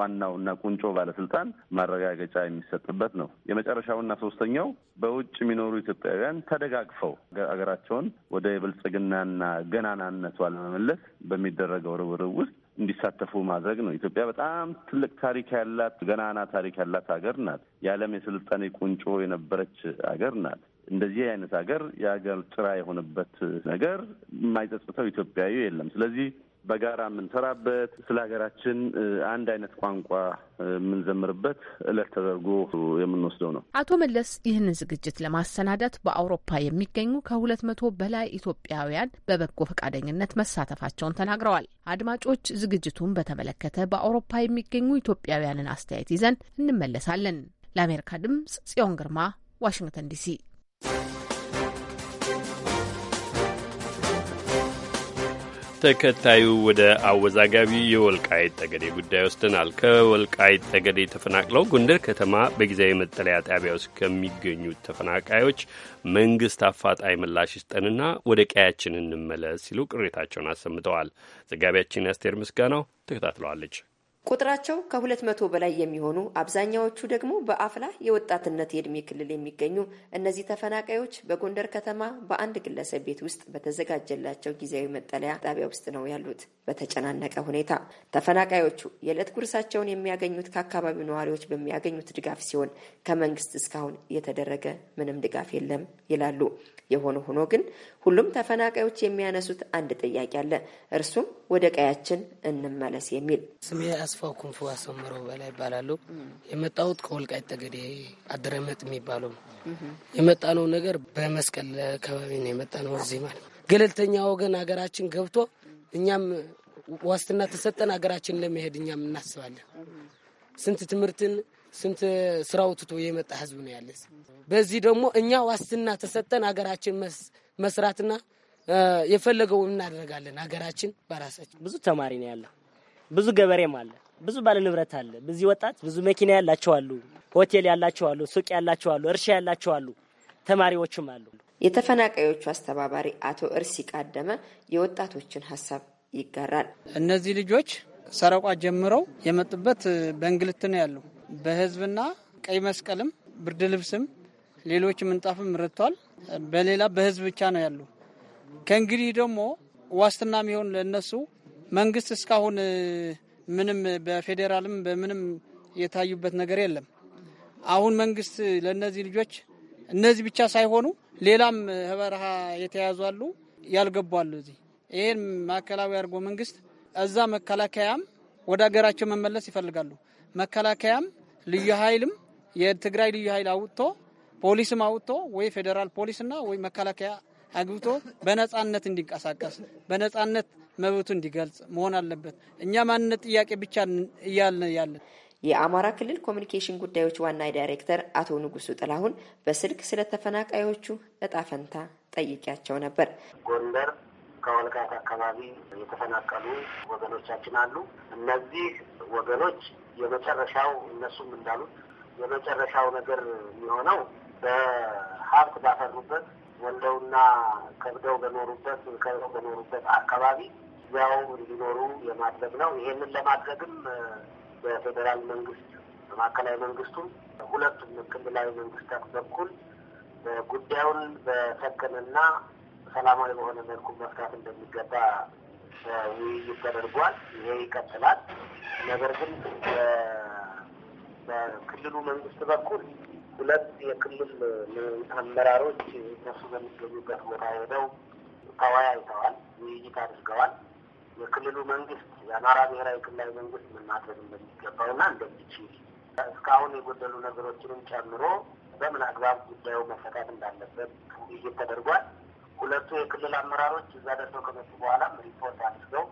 ዋናው እና ቁንጮ ባለስልጣን ማረጋገጫ የሚሰጥበት ነው። የመጨረሻውና ሶስተኛው በውጭ የሚኖሩ ኢትዮጵያውያን ተደጋግፈው ሀገራቸው ሀገራቸውን ወደ የብልጽግናና ገናናነቷ ለመመለስ በሚደረገው ርብርብ ውስጥ እንዲሳተፉ ማድረግ ነው። ኢትዮጵያ በጣም ትልቅ ታሪክ ያላት ገናና ታሪክ ያላት ሀገር ናት። የዓለም የስልጣኔ ቁንጮ የነበረች ሀገር ናት። እንደዚህ አይነት ሀገር የሀገር ጭራ የሆነበት ነገር የማይጸጽተው ኢትዮጵያዊ የለም። ስለዚህ በጋራ የምንሰራበት ስለ ሀገራችን አንድ አይነት ቋንቋ የምንዘምርበት እለት ተደርጎ የምንወስደው ነው። አቶ መለስ ይህንን ዝግጅት ለማሰናዳት በአውሮፓ የሚገኙ ከሁለት መቶ በላይ ኢትዮጵያውያን በበጎ ፈቃደኝነት መሳተፋቸውን ተናግረዋል። አድማጮች፣ ዝግጅቱን በተመለከተ በአውሮፓ የሚገኙ ኢትዮጵያውያንን አስተያየት ይዘን እንመለሳለን። ለአሜሪካ ድምጽ ጽዮን ግርማ ዋሽንግተን ዲሲ። ተከታዩ ወደ አወዛጋቢ የወልቃይት ጠገዴ ጉዳይ ወስደናል። ከወልቃይት ጠገዴ ተፈናቅለው ጎንደር ከተማ በጊዜያዊ መጠለያ ጣቢያ ውስጥ ከሚገኙ ተፈናቃዮች መንግስት አፋጣኝ ምላሽ ይስጠንና ወደ ቀያችን እንመለስ ሲሉ ቅሬታቸውን አሰምተዋል። ዘጋቢያችን አስቴር ምስጋናው ተከታትለዋለች። ቁጥራቸው ከሁለት መቶ በላይ የሚሆኑ አብዛኛዎቹ ደግሞ በአፍላ የወጣትነት የዕድሜ ክልል የሚገኙ እነዚህ ተፈናቃዮች በጎንደር ከተማ በአንድ ግለሰብ ቤት ውስጥ በተዘጋጀላቸው ጊዜያዊ መጠለያ ጣቢያ ውስጥ ነው ያሉት። በተጨናነቀ ሁኔታ ተፈናቃዮቹ የዕለት ጉርሳቸውን የሚያገኙት ከአካባቢው ነዋሪዎች በሚያገኙት ድጋፍ ሲሆን ከመንግስት እስካሁን የተደረገ ምንም ድጋፍ የለም ይላሉ። የሆነ ሆኖ ግን ሁሉም ተፈናቃዮች የሚያነሱት አንድ ጥያቄ አለ። እርሱም ወደ ቀያችን እንመለስ የሚል። ስሜ አስፋው ኩንፉ አሰምረው በላይ ይባላሉ። የመጣሁት ከወልቃይት ጠገዴ አድረመጥ የሚባለው ነው ነገር በመስቀል አካባቢ ነው ነው። እዚህ ማለት ገለልተኛ ወገን ሀገራችን ገብቶ እኛም ዋስትና ተሰጠን ሀገራችን ለመሄድ እኛም እናስባለን። ስንት ትምህርትን ስንት ስራው ትቶ የመጣ ህዝብ ነው ያለ። በዚህ ደግሞ እኛ ዋስትና ተሰጠን ሀገራችን መስራትና የፈለገው እናደርጋለን። ሀገራችን በራሳችን ብዙ ተማሪ ነው ያለ ብዙ ገበሬም አለ፣ ብዙ ባለ ንብረት አለ፣ ብዙ ወጣት፣ ብዙ መኪና ያላቸው አሉ፣ ሆቴል ያላቸው አሉ፣ ሱቅ ያላቸው አሉ፣ እርሻ ያላቸው አሉ፣ ተማሪዎችም አሉ። የተፈናቃዮቹ አስተባባሪ አቶ እርስ ቃደመ የወጣቶችን ሀሳብ ይጋራል። እነዚህ ልጆች ሰረቋ ጀምረው የመጡበት በእንግልት ነው ያለው በህዝብና ቀይ መስቀልም ብርድ ልብስም ሌሎች ምንጣፍም ረድቷል። በሌላ በህዝብ ብቻ ነው ያሉ። ከእንግዲህ ደግሞ ዋስትና የሚሆን ለእነሱ መንግስት እስካሁን ምንም በፌዴራልም በምንም የታዩበት ነገር የለም። አሁን መንግስት ለእነዚህ ልጆች እነዚህ ብቻ ሳይሆኑ ሌላም በረሃ የተያዙ አሉ፣ ያልገቡ አሉ። እዚህ ይህን ማዕከላዊ አድርጎ መንግስት እዛ መከላከያም ወደ ሀገራቸው መመለስ ይፈልጋሉ። መከላከያም ልዩ ኃይልም የትግራይ ልዩ ኃይል አውጥቶ ፖሊስም አውጥቶ ወይ ፌዴራል ፖሊስና ወይ መከላከያ አግብቶ በነጻነት እንዲንቀሳቀስ በነጻነት መብቱ እንዲገልጽ መሆን አለበት። እኛ ማንነት ጥያቄ ብቻ እያልን ያለን የአማራ ክልል ኮሚኒኬሽን ጉዳዮች ዋና ዳይሬክተር አቶ ንጉሱ ጥላሁን በስልክ ስለ ተፈናቃዮቹ እጣ ፈንታ ጠይቂያቸው ነበር። ጎንደር ከወልቃይት አካባቢ የተፈናቀሉ ወገኖቻችን አሉ። እነዚህ ወገኖች የመጨረሻው እነሱም እንዳሉት የመጨረሻው ነገር የሚሆነው በሀብት ባፈሩበት ወልደውና ከብደው በኖሩበት ከብደው በኖሩበት አካባቢ ያው እንዲኖሩ የማድረግ ነው። ይሄንን ለማድረግም በፌዴራል መንግስት በማዕከላዊ መንግስቱም ሁለቱም ክልላዊ መንግስታት በኩል ጉዳዩን በሰከነና ሰላማዊ በሆነ መልኩ መፍታት እንደሚገባ ውይይት ተደርጓል። ይሄ ይቀጥላል። ነገር ግን በክልሉ መንግስት በኩል ሁለት የክልል አመራሮች እነሱ በሚገኙበት ቦታ ሄደው ተወያይተዋል፣ ውይይት አድርገዋል። የክልሉ መንግስት የአማራ ብሔራዊ ክልላዊ መንግስት ምን ማድረግ እንደሚገባውና እንደሚችል እስካሁን የጎደሉ ነገሮችንም ጨምሮ በምን አግባብ ጉዳዩ መፈታት እንዳለበት ውይይት ተደርጓል። ሁለቱ የክልል አመራሮች እዛ ደርሰው ከመጡ በኋላ ሪፖርት አድርገው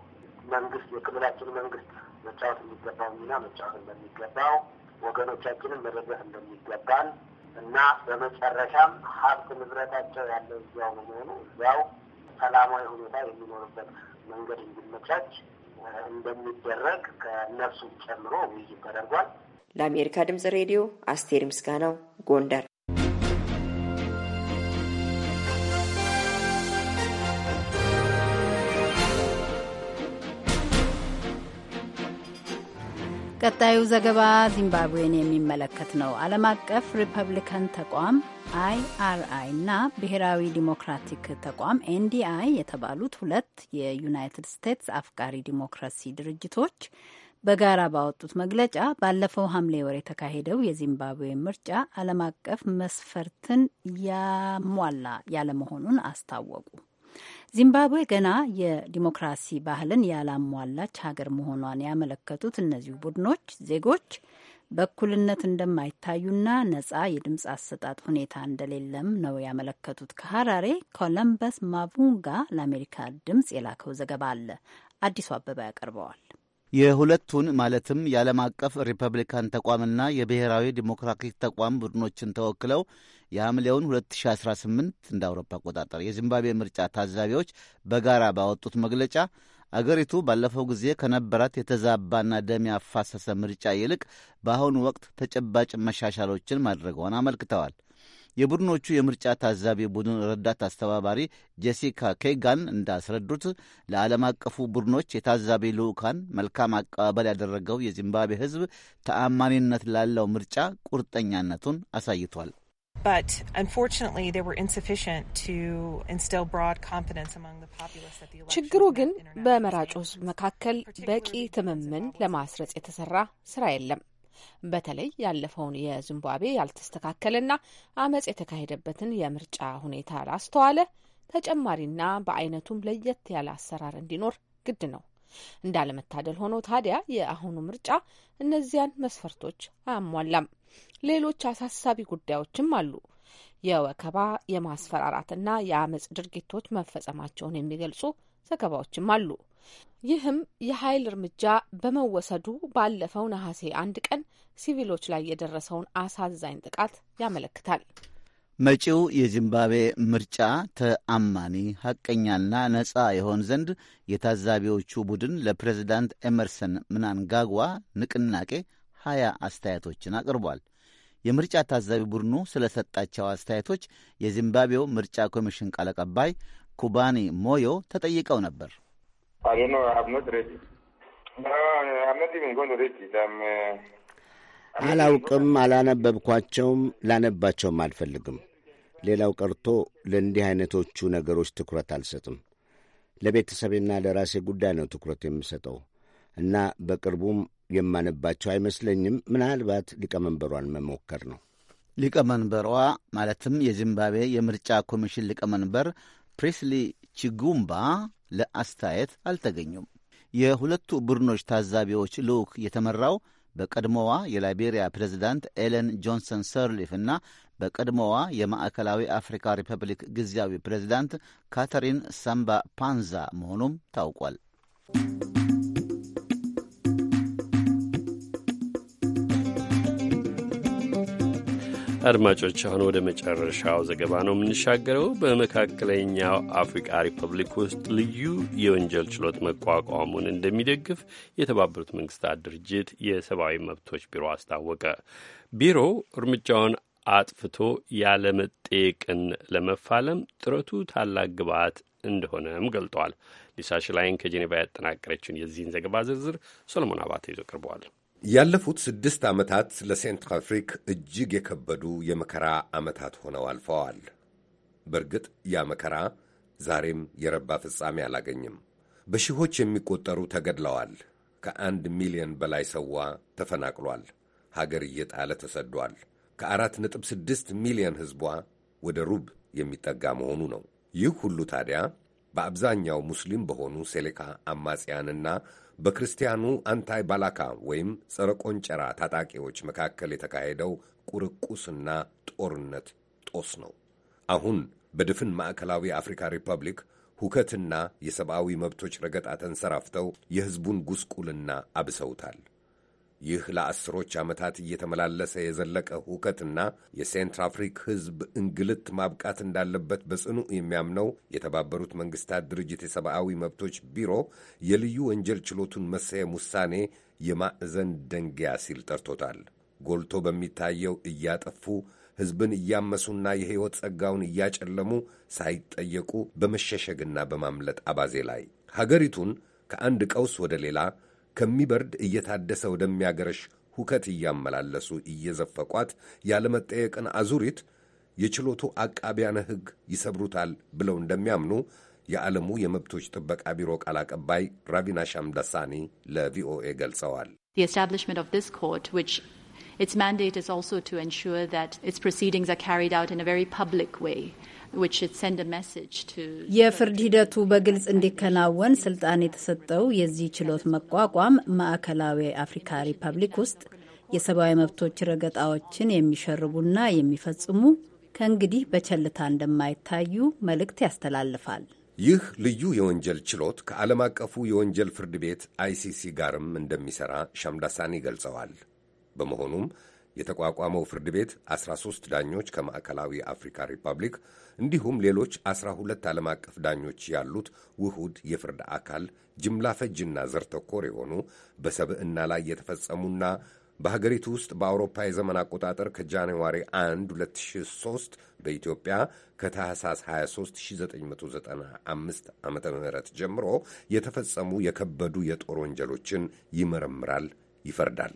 መንግስት የክልላችን መንግስት መጫወት የሚገባው ሚና መጫወት እንደሚገባው ወገኖቻችንን መደገፍ እንደሚገባን እና በመጨረሻም ሀብት ንብረታቸው ያለው እዚያው መሆኑ እዚያው ሰላማዊ ሁኔታ የሚኖርበት መንገድ እንዲመቻች እንደሚደረግ ከነርሱም ጨምሮ ውይይት ተደርጓል። ለአሜሪካ ድምጽ ሬዲዮ አስቴር ምስጋናው ጎንደር። ቀጣዩ ዘገባ ዚምባብዌን የሚመለከት ነው። ዓለም አቀፍ ሪፐብሊካን ተቋም አይአርአይ እና ብሔራዊ ዲሞክራቲክ ተቋም ኤንዲአይ የተባሉት ሁለት የዩናይትድ ስቴትስ አፍቃሪ ዲሞክራሲ ድርጅቶች በጋራ ባወጡት መግለጫ ባለፈው ሐምሌ ወር የተካሄደው የዚምባብዌ ምርጫ ዓለም አቀፍ መስፈርትን ያሟላ ያለመሆኑን አስታወቁ። ዚምባብዌ ገና የዲሞክራሲ ባህልን ያላሟላች ሀገር መሆኗን ያመለከቱት እነዚሁ ቡድኖች ዜጎች በእኩልነት እንደማይታዩና ነጻ የድምፅ አሰጣጥ ሁኔታ እንደሌለም ነው ያመለከቱት። ከሀራሬ ኮለምበስ ማቡንጋ ለአሜሪካ ድምፅ የላከው ዘገባ አለ። አዲሱ አበባ ያቀርበዋል። የሁለቱን ማለትም የዓለም አቀፍ ሪፐብሊካን ተቋምና የብሔራዊ ዲሞክራቲክ ተቋም ቡድኖችን ተወክለው የሐምሌውን 2018 እንደ አውሮፓ አቆጣጠር የዚምባብዌ ምርጫ ታዛቢዎች በጋራ ባወጡት መግለጫ አገሪቱ ባለፈው ጊዜ ከነበራት የተዛባና ደም ያፋሰሰ ምርጫ ይልቅ በአሁኑ ወቅት ተጨባጭ መሻሻሎችን ማድረገውን አመልክተዋል። የቡድኖቹ የምርጫ ታዛቢ ቡድን ረዳት አስተባባሪ ጄሲካ ኬጋን እንዳስረዱት ለዓለም አቀፉ ቡድኖች የታዛቢ ልዑካን መልካም አቀባበል ያደረገው የዚምባብዌ ሕዝብ ተአማኒነት ላለው ምርጫ ቁርጠኛነቱን አሳይቷል። ችግሩ ግን በመራጩ መካከል በቂ ትምምን ለማስረጽ የተሰራ ስራ የለም። በተለይ ያለፈውን የዚምባብዌ ያልተስተካከለና አመጽ የተካሄደበትን የምርጫ ሁኔታ ላስተዋለ ተጨማሪና በአይነቱም ለየት ያለ አሰራር እንዲኖር ግድ ነው። እንዳለመታደል ሆኖ ታዲያ የአሁኑ ምርጫ እነዚያን መስፈርቶች አያሟላም። ሌሎች አሳሳቢ ጉዳዮችም አሉ። የወከባ የማስፈራራትና የአመፅ ድርጊቶች መፈጸማቸውን የሚገልጹ ዘገባዎችም አሉ። ይህም የኃይል እርምጃ በመወሰዱ ባለፈው ነሐሴ አንድ ቀን ሲቪሎች ላይ የደረሰውን አሳዛኝ ጥቃት ያመለክታል። መጪው የዚምባብዌ ምርጫ ተአማኒ ሐቀኛና ነጻ የሆን ዘንድ የታዛቢዎቹ ቡድን ለፕሬዚዳንት ኤመርሰን ምናንጋጓ ንቅናቄ ሀያ አስተያየቶችን አቅርቧል። የምርጫ ታዛቢ ቡድኑ ስለሰጣቸው አስተያየቶች የዚምባብዌው ምርጫ ኮሚሽን ቃል አቀባይ ኩባኒ ሞዮ ተጠይቀው ነበር። uh, አላውቅም፣ አላነበብኳቸውም፣ ላነባቸውም አልፈልግም። ሌላው ቀርቶ ለእንዲህ አይነቶቹ ነገሮች ትኩረት አልሰጥም። ለቤተሰቤና ለራሴ ጉዳይ ነው ትኩረት የምሰጠው እና በቅርቡም የማነባቸው አይመስለኝም። ምናልባት ሊቀመንበሯን መሞከር ነው። ሊቀመንበሯ ማለትም የዚምባብዌ የምርጫ ኮሚሽን ሊቀመንበር ፕሪስሊ ቺጉምባ ለአስተያየት አልተገኙም። የሁለቱ ቡድኖች ታዛቢዎች ልዑክ የተመራው በቀድሞዋ የላይቤሪያ ፕሬዝዳንት ኤለን ጆንሰን ሰርሊፍ እና በቀድሞዋ የማዕከላዊ አፍሪካ ሪፐብሊክ ጊዜያዊ ፕሬዝዳንት ካተሪን ሳምባ ፓንዛ መሆኑም ታውቋል። አድማጮች አሁን ወደ መጨረሻው ዘገባ ነው የምንሻገረው። በመካከለኛው አፍሪቃ ሪፐብሊክ ውስጥ ልዩ የወንጀል ችሎት መቋቋሙን እንደሚደግፍ የተባበሩት መንግስታት ድርጅት የሰብአዊ መብቶች ቢሮ አስታወቀ። ቢሮው እርምጃውን አጥፍቶ ያለመጠየቅን ለመፋለም ጥረቱ ታላቅ ግብዓት እንደሆነም ገልጧል። ሊሳ ሽላይን ከጄኔቫ ያጠናቀረችውን የዚህን ዘገባ ዝርዝር ሶሎሞን አባተ ይዞ ቀርበዋል። ያለፉት ስድስት ዓመታት ለሴንትራፍሪክ እጅግ የከበዱ የመከራ ዓመታት ሆነው አልፈዋል። በእርግጥ ያ መከራ ዛሬም የረባ ፍጻሜ አላገኝም። በሺዎች የሚቆጠሩ ተገድለዋል። ከአንድ ሚሊዮን በላይ ሰዋ ተፈናቅሏል። ሀገር እየጣለ ተሰዷል። ከአራት ነጥብ ስድስት ሚሊዮን ሕዝቧ ወደ ሩብ የሚጠጋ መሆኑ ነው። ይህ ሁሉ ታዲያ በአብዛኛው ሙስሊም በሆኑ ሴሌካ አማጽያንና በክርስቲያኑ አንታይ ባላካ ወይም ጸረ ቆንጨራ ታጣቂዎች መካከል የተካሄደው ቁርቁስና ጦርነት ጦስ ነው። አሁን በድፍን ማዕከላዊ አፍሪካ ሪፐብሊክ ሁከትና የሰብአዊ መብቶች ረገጣ ተንሰራፍተው የሕዝቡን ጉስቁልና አብሰውታል። ይህ ለአስሮች ዓመታት እየተመላለሰ የዘለቀ ሁከትና የሴንትር አፍሪክ ሕዝብ እንግልት ማብቃት እንዳለበት በጽኑ የሚያምነው የተባበሩት መንግስታት ድርጅት የሰብአዊ መብቶች ቢሮ የልዩ ወንጀል ችሎቱን መሰየም ውሳኔ የማዕዘን ደንጊያ ሲል ጠርቶታል። ጎልቶ በሚታየው እያጠፉ ሕዝብን እያመሱና የሕይወት ጸጋውን እያጨለሙ ሳይጠየቁ በመሸሸግና በማምለጥ አባዜ ላይ ሀገሪቱን ከአንድ ቀውስ ወደ ሌላ ከሚበርድ እየታደሰ ወደሚያገረሽ ሁከት እያመላለሱ እየዘፈቋት ያለመጠየቅን አዙሪት የችሎቱ አቃቢያነ ሕግ ይሰብሩታል ብለው እንደሚያምኑ የዓለሙ የመብቶች ጥበቃ ቢሮ ቃል አቀባይ ራቢና ሻምዳሳኒ ለቪኦኤ ገልጸዋል። its mandate is also to ensure that its proceedings are carried out in a very public way የፍርድ ሂደቱ በግልጽ እንዲከናወን ስልጣን የተሰጠው የዚህ ችሎት መቋቋም ማዕከላዊ አፍሪካ ሪፐብሊክ ውስጥ የሰብአዊ መብቶች ረገጣዎችን የሚሸርቡና የሚፈጽሙ ከእንግዲህ በቸልታ እንደማይታዩ መልእክት ያስተላልፋል። ይህ ልዩ የወንጀል ችሎት ከዓለም አቀፉ የወንጀል ፍርድ ቤት አይሲሲ ጋርም እንደሚሠራ ሻምዳሳኒ ገልጸዋል። በመሆኑም የተቋቋመው ፍርድ ቤት 13 ዳኞች ከማዕከላዊ አፍሪካ ሪፐብሊክ እንዲሁም ሌሎች 12 ዓለም አቀፍ ዳኞች ያሉት ውሁድ የፍርድ አካል ጅምላ ፈጅና ዘር ተኮር የሆኑ በሰብዕና ላይ የተፈጸሙና በሀገሪቱ ውስጥ በአውሮፓ የዘመን አቆጣጠር ከጃንዋሪ 1 2003 በኢትዮጵያ ከታህሳስ 23 1995 ዓ ም ጀምሮ የተፈጸሙ የከበዱ የጦር ወንጀሎችን ይመረምራል፣ ይፈርዳል።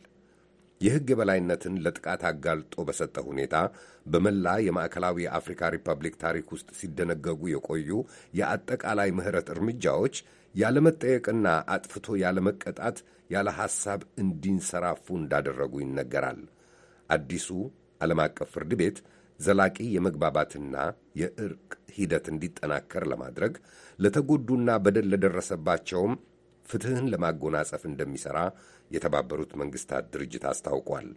የሕግ የበላይነትን ለጥቃት አጋልጦ በሰጠ ሁኔታ በመላ የማዕከላዊ አፍሪካ ሪፐብሊክ ታሪክ ውስጥ ሲደነገጉ የቆዩ የአጠቃላይ ምሕረት እርምጃዎች ያለመጠየቅና አጥፍቶ ያለመቀጣት ያለ ሐሳብ እንዲንሰራፉ እንዳደረጉ ይነገራል። አዲሱ ዓለም አቀፍ ፍርድ ቤት ዘላቂ የመግባባትና የእርቅ ሂደት እንዲጠናከር ለማድረግ ለተጎዱና በደል ለደረሰባቸውም ፍትህን ለማጎናጸፍ እንደሚሠራ የተባበሩት መንግሥታት ድርጅት አስታውቋል።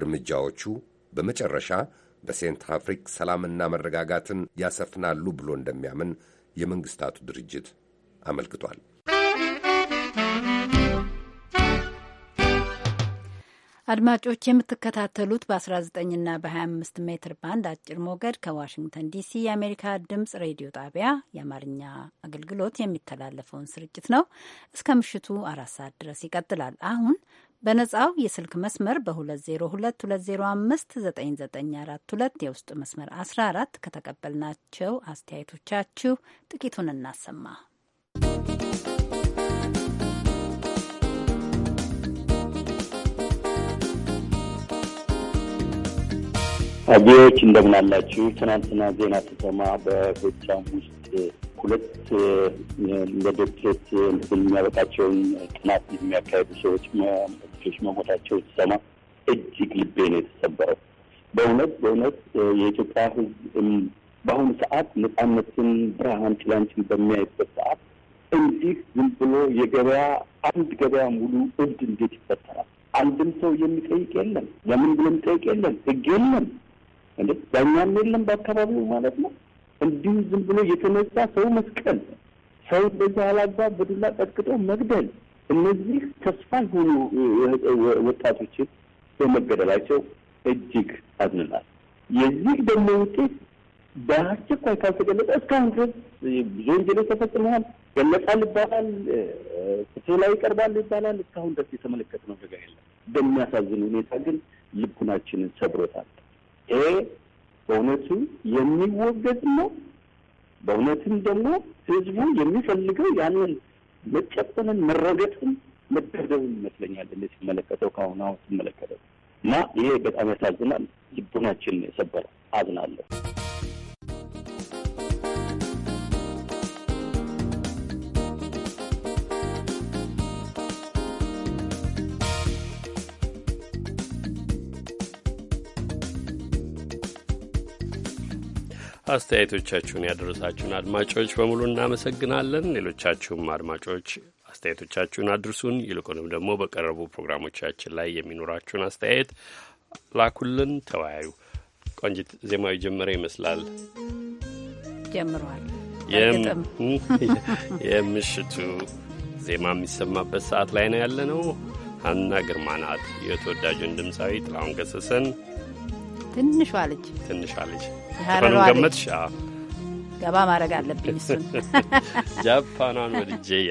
እርምጃዎቹ በመጨረሻ አፍሪክ ሰላምና መረጋጋትን ያሰፍናሉ ብሎ እንደሚያምን የመንግሥታቱ ድርጅት አመልክቷል። አድማጮች የምትከታተሉት በ19ና በ25 ሜትር ባንድ አጭር ሞገድ ከዋሽንግተን ዲሲ የአሜሪካ ድምፅ ሬዲዮ ጣቢያ የአማርኛ አገልግሎት የሚተላለፈውን ስርጭት ነው። እስከ ምሽቱ አራት ሰዓት ድረስ ይቀጥላል። አሁን በነጻው የስልክ መስመር በ2022059942 የውስጥ መስመር 14 ከተቀበልናቸው አስተያየቶቻችሁ ጥቂቱን እናሰማ። አጌዎች እንደምን አላችሁ? ትናንትና ዜና ተሰማ በጎጃም ውስጥ ሁለት ለዶክትሬት እንድል የሚያበቃቸውን ጥናት የሚያካሄዱ ሰዎች መቶች መሞታቸው ተሰማ እጅግ ልቤ ነው የተሰበረው። በእውነት በእውነት የኢትዮጵያ ሕዝብ በአሁኑ ሰዓት ነጻነትን ብርሃን ጭላንጭል በሚያይበት ሰዓት እንዲህ ዝም ብሎ የገበያ አንድ ገበያ ሙሉ እብድ እንዴት ይፈጠራል? አንድም ሰው የሚጠይቅ የለም። ለምን ብሎ የሚጠይቅ የለም። ህግ የለም። እንዴ ዳኛም የለም በአካባቢው ማለት ነው። እንዲሁ ዝም ብሎ የተነሳ ሰው መስቀል፣ ሰው እንደዚህ አላግባብ በዱላ ቀጥቅጦ መግደል፣ እነዚህ ተስፋ የሆኑ ወጣቶችን በመገደላቸው እጅግ አዝንናል። የዚህ ደግሞ ውጤት በአስቸኳይ ካልተገለጠ እስካሁን ድረስ ብዙ ወንጀሎች ተፈጽመዋል። ገለጻል ይባላል፣ ፍትህ ላይ ይቀርባል ይባላል። እስካሁን ድረስ የተመለከትነው ነገር የለም። በሚያሳዝን ሁኔታ ግን ልቡናችንን ሰብሮታል። ይሄ በእውነቱ የሚወገድ ነው። በእውነትም ደግሞ ህዝቡ የሚፈልገው ያንን መጨፈንን፣ መረገጥን፣ መደብደብን ይመስለኛል እ ሲመለከተው ከአሁን አሁን ሲመለከተው እና ይሄ በጣም ያሳዝናል። ልቡናችን የሰበረ አዝናለሁ። አስተያየቶቻችሁን ያደረሳችሁን አድማጮች በሙሉ እናመሰግናለን። ሌሎቻችሁም አድማጮች አስተያየቶቻችሁን አድርሱን። ይልቁንም ደግሞ በቀረቡ ፕሮግራሞቻችን ላይ የሚኖራችሁን አስተያየት ላኩልን። ተወያዩ። ቆንጂት ዜማዊ ጀመረ ይመስላል ጀምሯል። [laughs] የምሽቱ ዜማ የሚሰማበት ሰዓት ላይ ነው ያለ ነው። ሀና ግርማ ናት የተወዳጁን ድምፃዊ ጥላሁን ገሰሰን ትንሿ ልጅ ትንሿ ልጅ ما نوجمتش اه جابا ما راگالبی نسن جابانان ود جی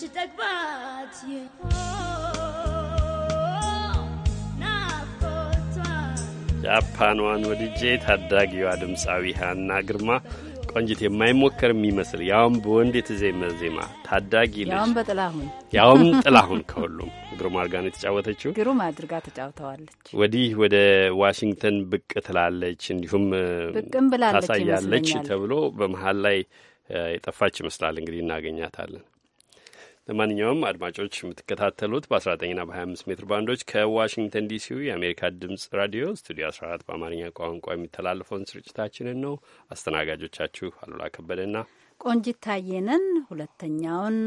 አንቺ ጠግባት ወድጄ ታዳጊዋ ድምፃዊ ሀና ግርማ ቆንጅት የማይሞከር የሚመስል ያውም በወንድ የተዜመ ዜማ ታዳጊ ልጅ ያውም በጥላሁን ያውም [laughs] ጥላሁን ከሁሉም ግሩም አድርጋ ነው የተጫወተችው። ግሩም አድርጋ ተጫውተዋለች። ወዲህ ወደ ዋሽንግተን ብቅ ትላለች፣ እንዲሁም ብቅም ብላለች ታሳያለች ተብሎ በመሀል ላይ የጠፋች ይመስላል። እንግዲህ እናገኛታለን። ለማንኛውም አድማጮች የምትከታተሉት በ19ና በ25 ሜትር ባንዶች ከዋሽንግተን ዲሲው የአሜሪካ ድምፅ ራዲዮ ስቱዲዮ 14 በአማርኛ ቋንቋ የሚተላለፈውን ስርጭታችንን ነው። አስተናጋጆቻችሁ አሉላ ከበደና ቆንጂት ታየንን። ሁለተኛውን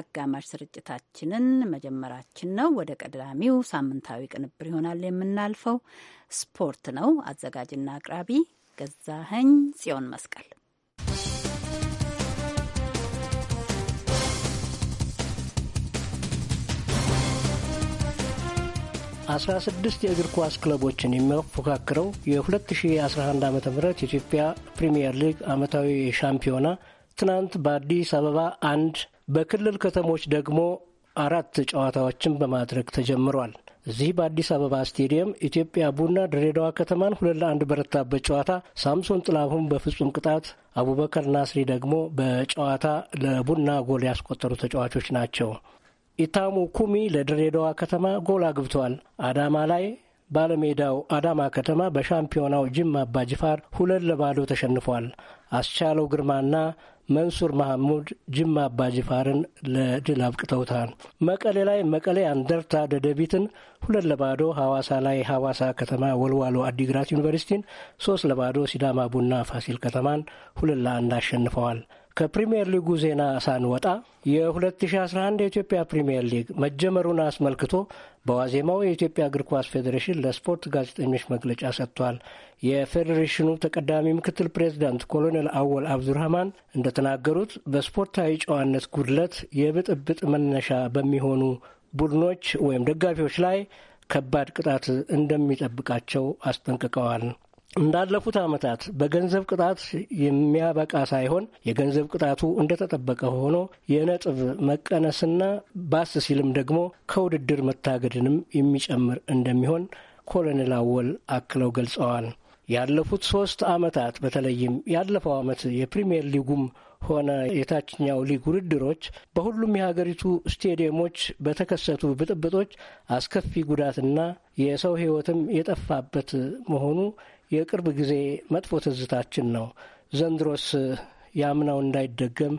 አጋማሽ ስርጭታችንን መጀመራችን ነው። ወደ ቀዳሚው ሳምንታዊ ቅንብር ይሆናል የምናልፈው። ስፖርት ነው። አዘጋጅና አቅራቢ ገዛኸኝ ጽዮን መስቀል 16 የእግር ኳስ ክለቦችን የሚፎካክረው የ2011 ዓ ም የኢትዮጵያ ፕሪምየር ሊግ ዓመታዊ ሻምፒዮና ትናንት በአዲስ አበባ አንድ በክልል ከተሞች ደግሞ አራት ጨዋታዎችን በማድረግ ተጀምሯል። እዚህ በአዲስ አበባ ስቴዲየም ኢትዮጵያ ቡና ድሬዳዋ ከተማን ሁለት ለአንድ በረታበት ጨዋታ ሳምሶን ጥላሁን በፍጹም ቅጣት፣ አቡበከር ናስሪ ደግሞ በጨዋታ ለቡና ጎል ያስቆጠሩ ተጫዋቾች ናቸው። ኢታሙ ኩሚ ለድሬዳዋ ከተማ ጎል አግብቷል። አዳማ ላይ ባለሜዳው አዳማ ከተማ በሻምፒዮናው ጅማ አባ ጅፋር ሁለት ለባዶ ተሸንፏል። አስቻለው ግርማና መንሱር መሐሙድ ጅማ አባ ጅፋርን ለድል አብቅተውታል። መቀሌ ላይ መቀሌ አንደርታ ደደቢትን ሁለት ለባዶ፣ ሐዋሳ ላይ ሐዋሳ ከተማ ወልዋሎ አዲግራት ዩኒቨርሲቲን ሶስት ለባዶ፣ ሲዳማ ቡና ፋሲል ከተማን ሁለት ለአንድ አሸንፈዋል። ከፕሪምየር ሊጉ ዜና ሳንወጣ የ2011 የኢትዮጵያ ፕሪምየር ሊግ መጀመሩን አስመልክቶ በዋዜማው የኢትዮጵያ እግር ኳስ ፌዴሬሽን ለስፖርት ጋዜጠኞች መግለጫ ሰጥቷል። የፌዴሬሽኑ ተቀዳሚ ምክትል ፕሬዚዳንት ኮሎኔል አወል አብዱራህማን እንደተናገሩት በስፖርታዊ ጨዋነት ጉድለት የብጥብጥ መነሻ በሚሆኑ ቡድኖች ወይም ደጋፊዎች ላይ ከባድ ቅጣት እንደሚጠብቃቸው አስጠንቅቀዋል። እንዳለፉት ዓመታት በገንዘብ ቅጣት የሚያበቃ ሳይሆን የገንዘብ ቅጣቱ እንደተጠበቀ ሆኖ የነጥብ መቀነስና ባስ ሲልም ደግሞ ከውድድር መታገድንም የሚጨምር እንደሚሆን ኮሎኔል አወል አክለው ገልጸዋል። ያለፉት ሶስት ዓመታት በተለይም ያለፈው ዓመት የፕሪምየር ሊጉም ሆነ የታችኛው ሊግ ውድድሮች በሁሉም የሀገሪቱ ስቴዲየሞች በተከሰቱ ብጥብጦች አስከፊ ጉዳትና የሰው ሕይወትም የጠፋበት መሆኑ የቅርብ ጊዜ መጥፎ ትዝታችን ነው። ዘንድሮስ ያምናው እንዳይደገም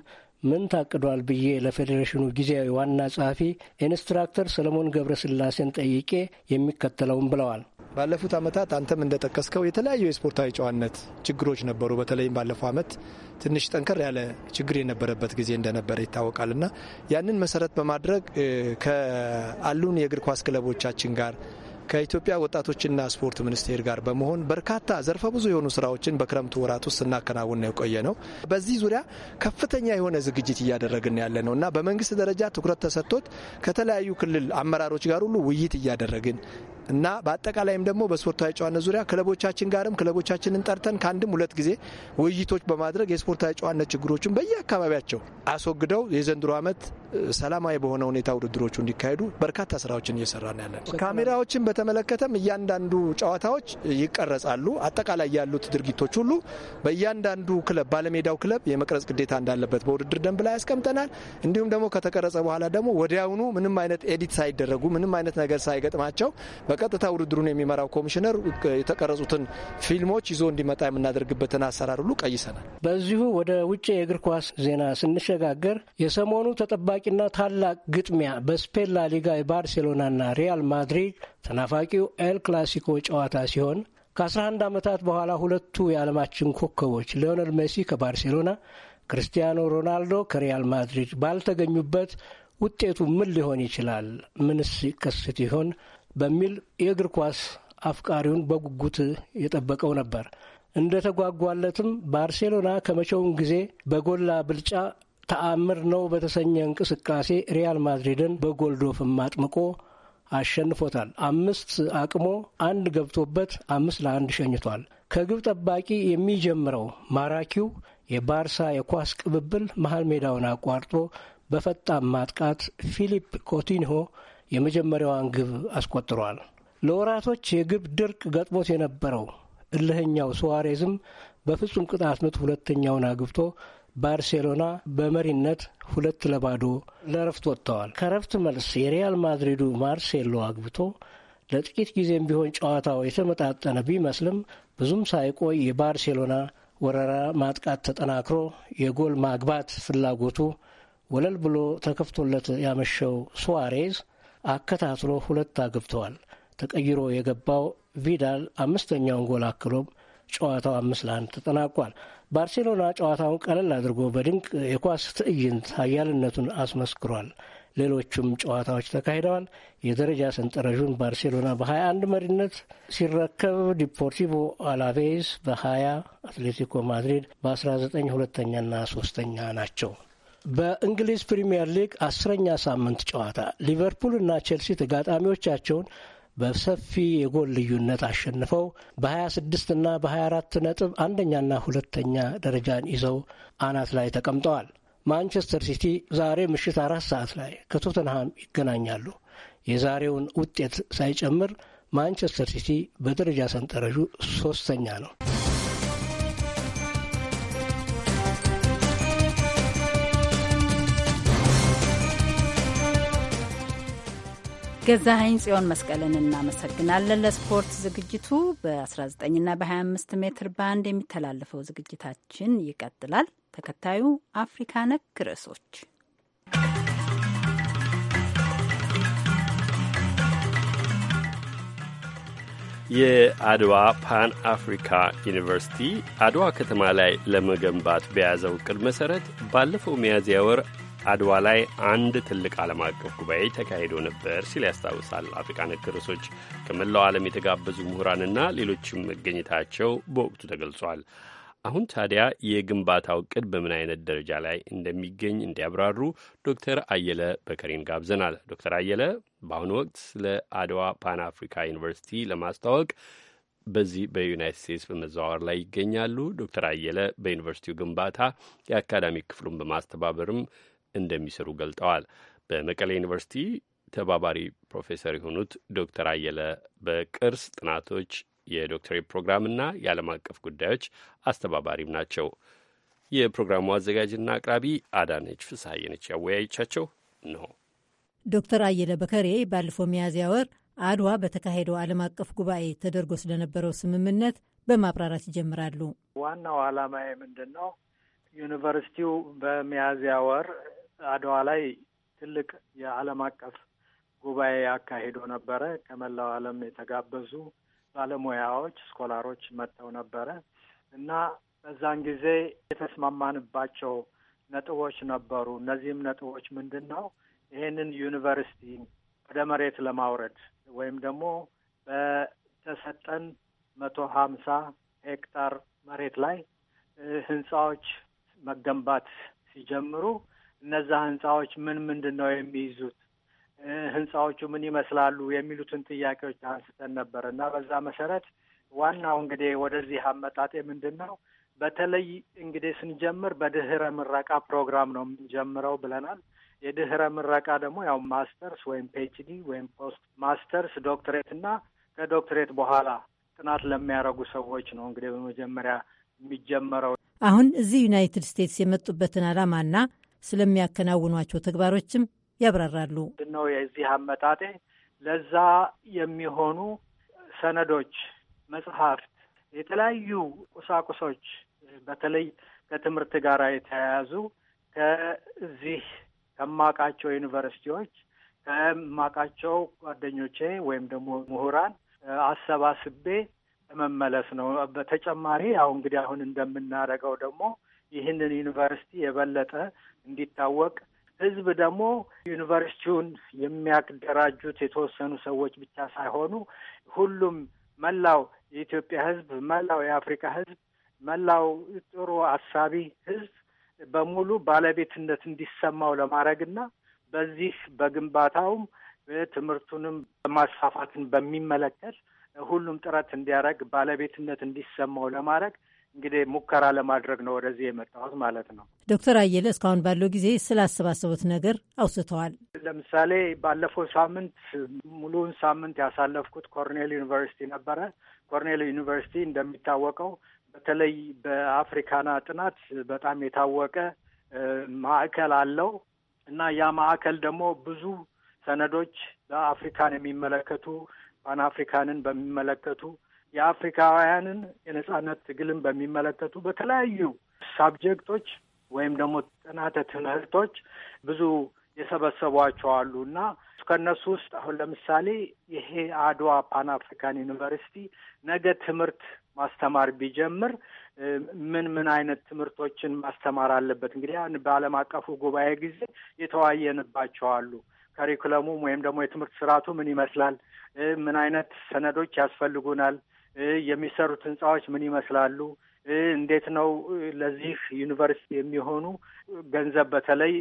ምን ታቅዷል ብዬ ለፌዴሬሽኑ ጊዜያዊ ዋና ጸሐፊ ኢንስትራክተር ሰለሞን ገብረስላሴን ጠይቄ የሚከተለውን ብለዋል። ባለፉት ዓመታት አንተም እንደጠቀስከው የተለያዩ የስፖርታዊ ጨዋነት ችግሮች ነበሩ። በተለይም ባለፈው ዓመት ትንሽ ጠንከር ያለ ችግር የነበረበት ጊዜ እንደነበረ ይታወቃል እና ያንን መሰረት በማድረግ ከአሉን የእግር ኳስ ክለቦቻችን ጋር ከኢትዮጵያ ወጣቶችና ስፖርት ሚኒስቴር ጋር በመሆን በርካታ ዘርፈ ብዙ የሆኑ ስራዎችን በክረምቱ ወራት ውስጥ ስናከናውን ነው የቆየ ነው። በዚህ ዙሪያ ከፍተኛ የሆነ ዝግጅት እያደረግን ያለ ነው እና በመንግስት ደረጃ ትኩረት ተሰጥቶት ከተለያዩ ክልል አመራሮች ጋር ሁሉ ውይይት እያደረግን እና በአጠቃላይም ደግሞ በስፖርታዊ ጨዋነት ዙሪያ ክለቦቻችን ጋርም ክለቦቻችንን ጠርተን ከአንድም ሁለት ጊዜ ውይይቶች በማድረግ የስፖርታዊ ጨዋነት ችግሮችን በየአካባቢያቸው አስወግደው የዘንድሮ ዓመት ሰላማዊ በሆነ ሁኔታ ውድድሮቹ እንዲካሄዱ በርካታ ስራዎችን እየሰራ ነው ያለን። ካሜራዎችን በተመለከተም እያንዳንዱ ጨዋታዎች ይቀረጻሉ። አጠቃላይ ያሉት ድርጊቶች ሁሉ በእያንዳንዱ ክለብ ባለሜዳው ክለብ የመቅረጽ ግዴታ እንዳለበት በውድድር ደንብ ላይ ያስቀምጠናል። እንዲሁም ደግሞ ከተቀረጸ በኋላ ደግሞ ወዲያውኑ ምንም አይነት ኤዲት ሳይደረጉ ምንም አይነት ነገር ሳይገጥማቸው በቀጥታ ውድድሩን የሚመራው ኮሚሽነር የተቀረጹትን ፊልሞች ይዞ እንዲመጣ የምናደርግበትን አሰራር ሁሉ ቀይሰናል። በዚሁ ወደ ውጭ የእግር ኳስ ዜና ስንሸጋገር የሰሞኑ ተጠባ ተጠባባቂና ታላቅ ግጥሚያ በስፔን ላሊጋ የባርሴሎናና ሪያል ማድሪድ ተናፋቂው ኤል ክላሲኮ ጨዋታ ሲሆን ከ11 ዓመታት በኋላ ሁለቱ የዓለማችን ኮከቦች ሊዮነል ሜሲ ከባርሴሎና፣ ክርስቲያኖ ሮናልዶ ከሪያል ማድሪድ ባልተገኙበት ውጤቱ ምን ሊሆን ይችላል? ምንስ ይከሰት ይሆን? በሚል የእግር ኳስ አፍቃሪውን በጉጉት የጠበቀው ነበር። እንደ ተጓጓለትም ባርሴሎና ከመቼውም ጊዜ በጎላ ብልጫ ተአምር ነው በተሰኘ እንቅስቃሴ ሪያል ማድሪድን በጎልዶፍም አጥምቆ አሸንፎታል። አምስት አቅሞ አንድ ገብቶበት አምስት ለአንድ ሸኝቷል። ከግብ ጠባቂ የሚጀምረው ማራኪው የባርሳ የኳስ ቅብብል መሀል ሜዳውን አቋርጦ በፈጣን ማጥቃት ፊሊፕ ኮቲንሆ የመጀመሪያዋን ግብ አስቆጥሯል። ለወራቶች የግብ ድርቅ ገጥሞት የነበረው እልህኛው ሱዋሬዝም በፍጹም ቅጣት ምት ሁለተኛውን አግብቶ ባርሴሎና በመሪነት ሁለት ለባዶ ለረፍት ወጥተዋል። ከረፍት መልስ የሪያል ማድሪዱ ማርሴሎ አግብቶ ለጥቂት ጊዜም ቢሆን ጨዋታው የተመጣጠነ ቢመስልም ብዙም ሳይቆይ የባርሴሎና ወረራ ማጥቃት ተጠናክሮ የጎል ማግባት ፍላጎቱ ወለል ብሎ ተከፍቶለት ያመሸው ሱዋሬዝ አከታትሎ ሁለት አግብተዋል። ተቀይሮ የገባው ቪዳል አምስተኛውን ጎል አክሎም ጨዋታው አምስት ለአንድ ተጠናቋል። ባርሴሎና ጨዋታውን ቀለል አድርጎ በድንቅ የኳስ ትዕይንት ኃያልነቱን አስመስክሯል። ሌሎቹም ጨዋታዎች ተካሂደዋል። የደረጃ ሰንጠረዡን ባርሴሎና በ21 መሪነት ሲረከብ ዲፖርቲቮ አላቬዝ በ20 አትሌቲኮ ማድሪድ በ19 ሁለተኛና ሶስተኛ ናቸው። በእንግሊዝ ፕሪምየር ሊግ አስረኛ ሳምንት ጨዋታ ሊቨርፑልና ቼልሲ ተጋጣሚዎቻቸውን በሰፊ የጎል ልዩነት አሸንፈው በ26 እና በ24 ነጥብ አንደኛና ሁለተኛ ደረጃን ይዘው አናት ላይ ተቀምጠዋል። ማንቸስተር ሲቲ ዛሬ ምሽት አራት ሰዓት ላይ ከቶተንሃም ይገናኛሉ። የዛሬውን ውጤት ሳይጨምር ማንቸስተር ሲቲ በደረጃ ሰንጠረዡ ሶስተኛ ነው። ገዛኸኝ ጽዮን መስቀልን እናመሰግናለን። ለስፖርት ዝግጅቱ በ19ና በ25 ሜትር ባንድ የሚተላለፈው ዝግጅታችን ይቀጥላል። ተከታዩ አፍሪካ ነክ ርዕሶች የአድዋ ፓን አፍሪካ ዩኒቨርሲቲ አድዋ ከተማ ላይ ለመገንባት በያዘው እቅድ መሠረት ባለፈው ሚያዝያ ወር አድዋ ላይ አንድ ትልቅ ዓለም አቀፍ ጉባኤ ተካሂዶ ነበር ሲል ያስታውሳል። አፍሪካ ነክ ርዕሶች ከመላው ዓለም የተጋበዙ ምሁራንና ሌሎችም መገኘታቸው በወቅቱ ተገልጿል። አሁን ታዲያ የግንባታው እቅድ በምን አይነት ደረጃ ላይ እንደሚገኝ እንዲያብራሩ ዶክተር አየለ በከሬን ጋብዘናል። ዶክተር አየለ በአሁኑ ወቅት ስለ አድዋ ፓን አፍሪካ ዩኒቨርሲቲ ለማስተዋወቅ በዚህ በዩናይት ስቴትስ በመዘዋወር ላይ ይገኛሉ። ዶክተር አየለ በዩኒቨርሲቲው ግንባታ የአካዳሚክ ክፍሉን በማስተባበርም እንደሚሰሩ ገልጠዋል። በመቀሌ ዩኒቨርሲቲ ተባባሪ ፕሮፌሰር የሆኑት ዶክተር አየለ በቅርስ ጥናቶች የዶክተሬት ፕሮግራምና የዓለም አቀፍ ጉዳዮች አስተባባሪም ናቸው። የፕሮግራሙ አዘጋጅና አቅራቢ አዳነች ፍስሐዬ ነች ያወያየቻቸው ነው። ዶክተር አየለ በከሬ ባለፈው ሚያዝያ ወር አድዋ በተካሄደው ዓለም አቀፍ ጉባኤ ተደርጎ ስለነበረው ስምምነት በማብራራት ይጀምራሉ። ዋናው ዓላማ ምንድን ነው? ዩኒቨርሲቲው በሚያዝያ ወር አድዋ ላይ ትልቅ የዓለም አቀፍ ጉባኤ አካሂዶ ነበረ። ከመላው ዓለም የተጋበዙ ባለሙያዎች፣ ስኮላሮች መጥተው ነበረ እና በዛን ጊዜ የተስማማንባቸው ነጥቦች ነበሩ። እነዚህም ነጥቦች ምንድን ነው? ይህንን ዩኒቨርሲቲ ወደ መሬት ለማውረድ ወይም ደግሞ በተሰጠን መቶ ሀምሳ ሄክታር መሬት ላይ ህንፃዎች መገንባት ሲጀምሩ እነዛ ህንፃዎች ምን ምንድን ነው የሚይዙት፣ ህንፃዎቹ ምን ይመስላሉ የሚሉትን ጥያቄዎች አንስተን ነበር እና በዛ መሰረት ዋናው እንግዲህ ወደዚህ አመጣጤ ምንድን ነው በተለይ እንግዲህ ስንጀምር በድህረ ምረቃ ፕሮግራም ነው የምንጀምረው ብለናል። የድህረ ምረቃ ደግሞ ያው ማስተርስ ወይም ፒኤችዲ ወይም ፖስት ማስተርስ ዶክትሬት እና ከዶክትሬት በኋላ ጥናት ለሚያደርጉ ሰዎች ነው እንግዲህ በመጀመሪያ የሚጀመረው። አሁን እዚህ ዩናይትድ ስቴትስ የመጡበትን ዓላማና ስለሚያከናውኗቸው ተግባሮችም ያብራራሉ። ነው የዚህ አመጣጤ ለዛ የሚሆኑ ሰነዶች፣ መጽሐፍት፣ የተለያዩ ቁሳቁሶች በተለይ ከትምህርት ጋር የተያያዙ ከዚህ ከማቃቸው ዩኒቨርሲቲዎች ከማቃቸው ጓደኞቼ ወይም ደግሞ ምሁራን አሰባስቤ መመለስ ነው። በተጨማሪ ያው እንግዲህ አሁን እንደምናደርገው ደግሞ ይህንን ዩኒቨርሲቲ የበለጠ እንዲታወቅ ህዝብ ደግሞ ዩኒቨርሲቲውን የሚያደራጁት የተወሰኑ ሰዎች ብቻ ሳይሆኑ ሁሉም መላው የኢትዮጵያ ህዝብ፣ መላው የአፍሪካ ህዝብ፣ መላው ጥሩ አሳቢ ህዝብ በሙሉ ባለቤትነት እንዲሰማው ለማድረግና በዚህ በግንባታውም ትምህርቱንም ማስፋፋትን በሚመለከት ሁሉም ጥረት እንዲያደርግ ባለቤትነት እንዲሰማው ለማድረግ እንግዲህ ሙከራ ለማድረግ ነው ወደዚህ የመጣሁት ማለት ነው። ዶክተር አየለ እስካሁን ባለው ጊዜ ስላሰባሰቡት ነገር አውስተዋል። ለምሳሌ ባለፈው ሳምንት ሙሉውን ሳምንት ያሳለፍኩት ኮርኔል ዩኒቨርሲቲ ነበረ። ኮርኔል ዩኒቨርሲቲ እንደሚታወቀው በተለይ በአፍሪካና ጥናት በጣም የታወቀ ማዕከል አለው እና ያ ማዕከል ደግሞ ብዙ ሰነዶች ለአፍሪካን የሚመለከቱ ፓን አፍሪካንን በሚመለከቱ የአፍሪካውያንን የነጻነት ትግልን በሚመለከቱ በተለያዩ ሳብጀክቶች ወይም ደግሞ ጥናተ ትምህርቶች ብዙ የሰበሰቧቸው አሉ እና ከእነሱ ውስጥ አሁን ለምሳሌ ይሄ አድዋ ፓን አፍሪካን ዩኒቨርሲቲ ነገ ትምህርት ማስተማር ቢጀምር ምን ምን አይነት ትምህርቶችን ማስተማር አለበት? እንግዲህ በዓለም አቀፉ ጉባኤ ጊዜ የተወያየንባቸው አሉ። ከሪኩለሙም ወይም ደግሞ የትምህርት ስርዓቱ ምን ይመስላል? ምን አይነት ሰነዶች ያስፈልጉናል? የሚሰሩት ህንፃዎች ምን ይመስላሉ? እንዴት ነው ለዚህ ዩኒቨርሲቲ የሚሆኑ ገንዘብ በተለይ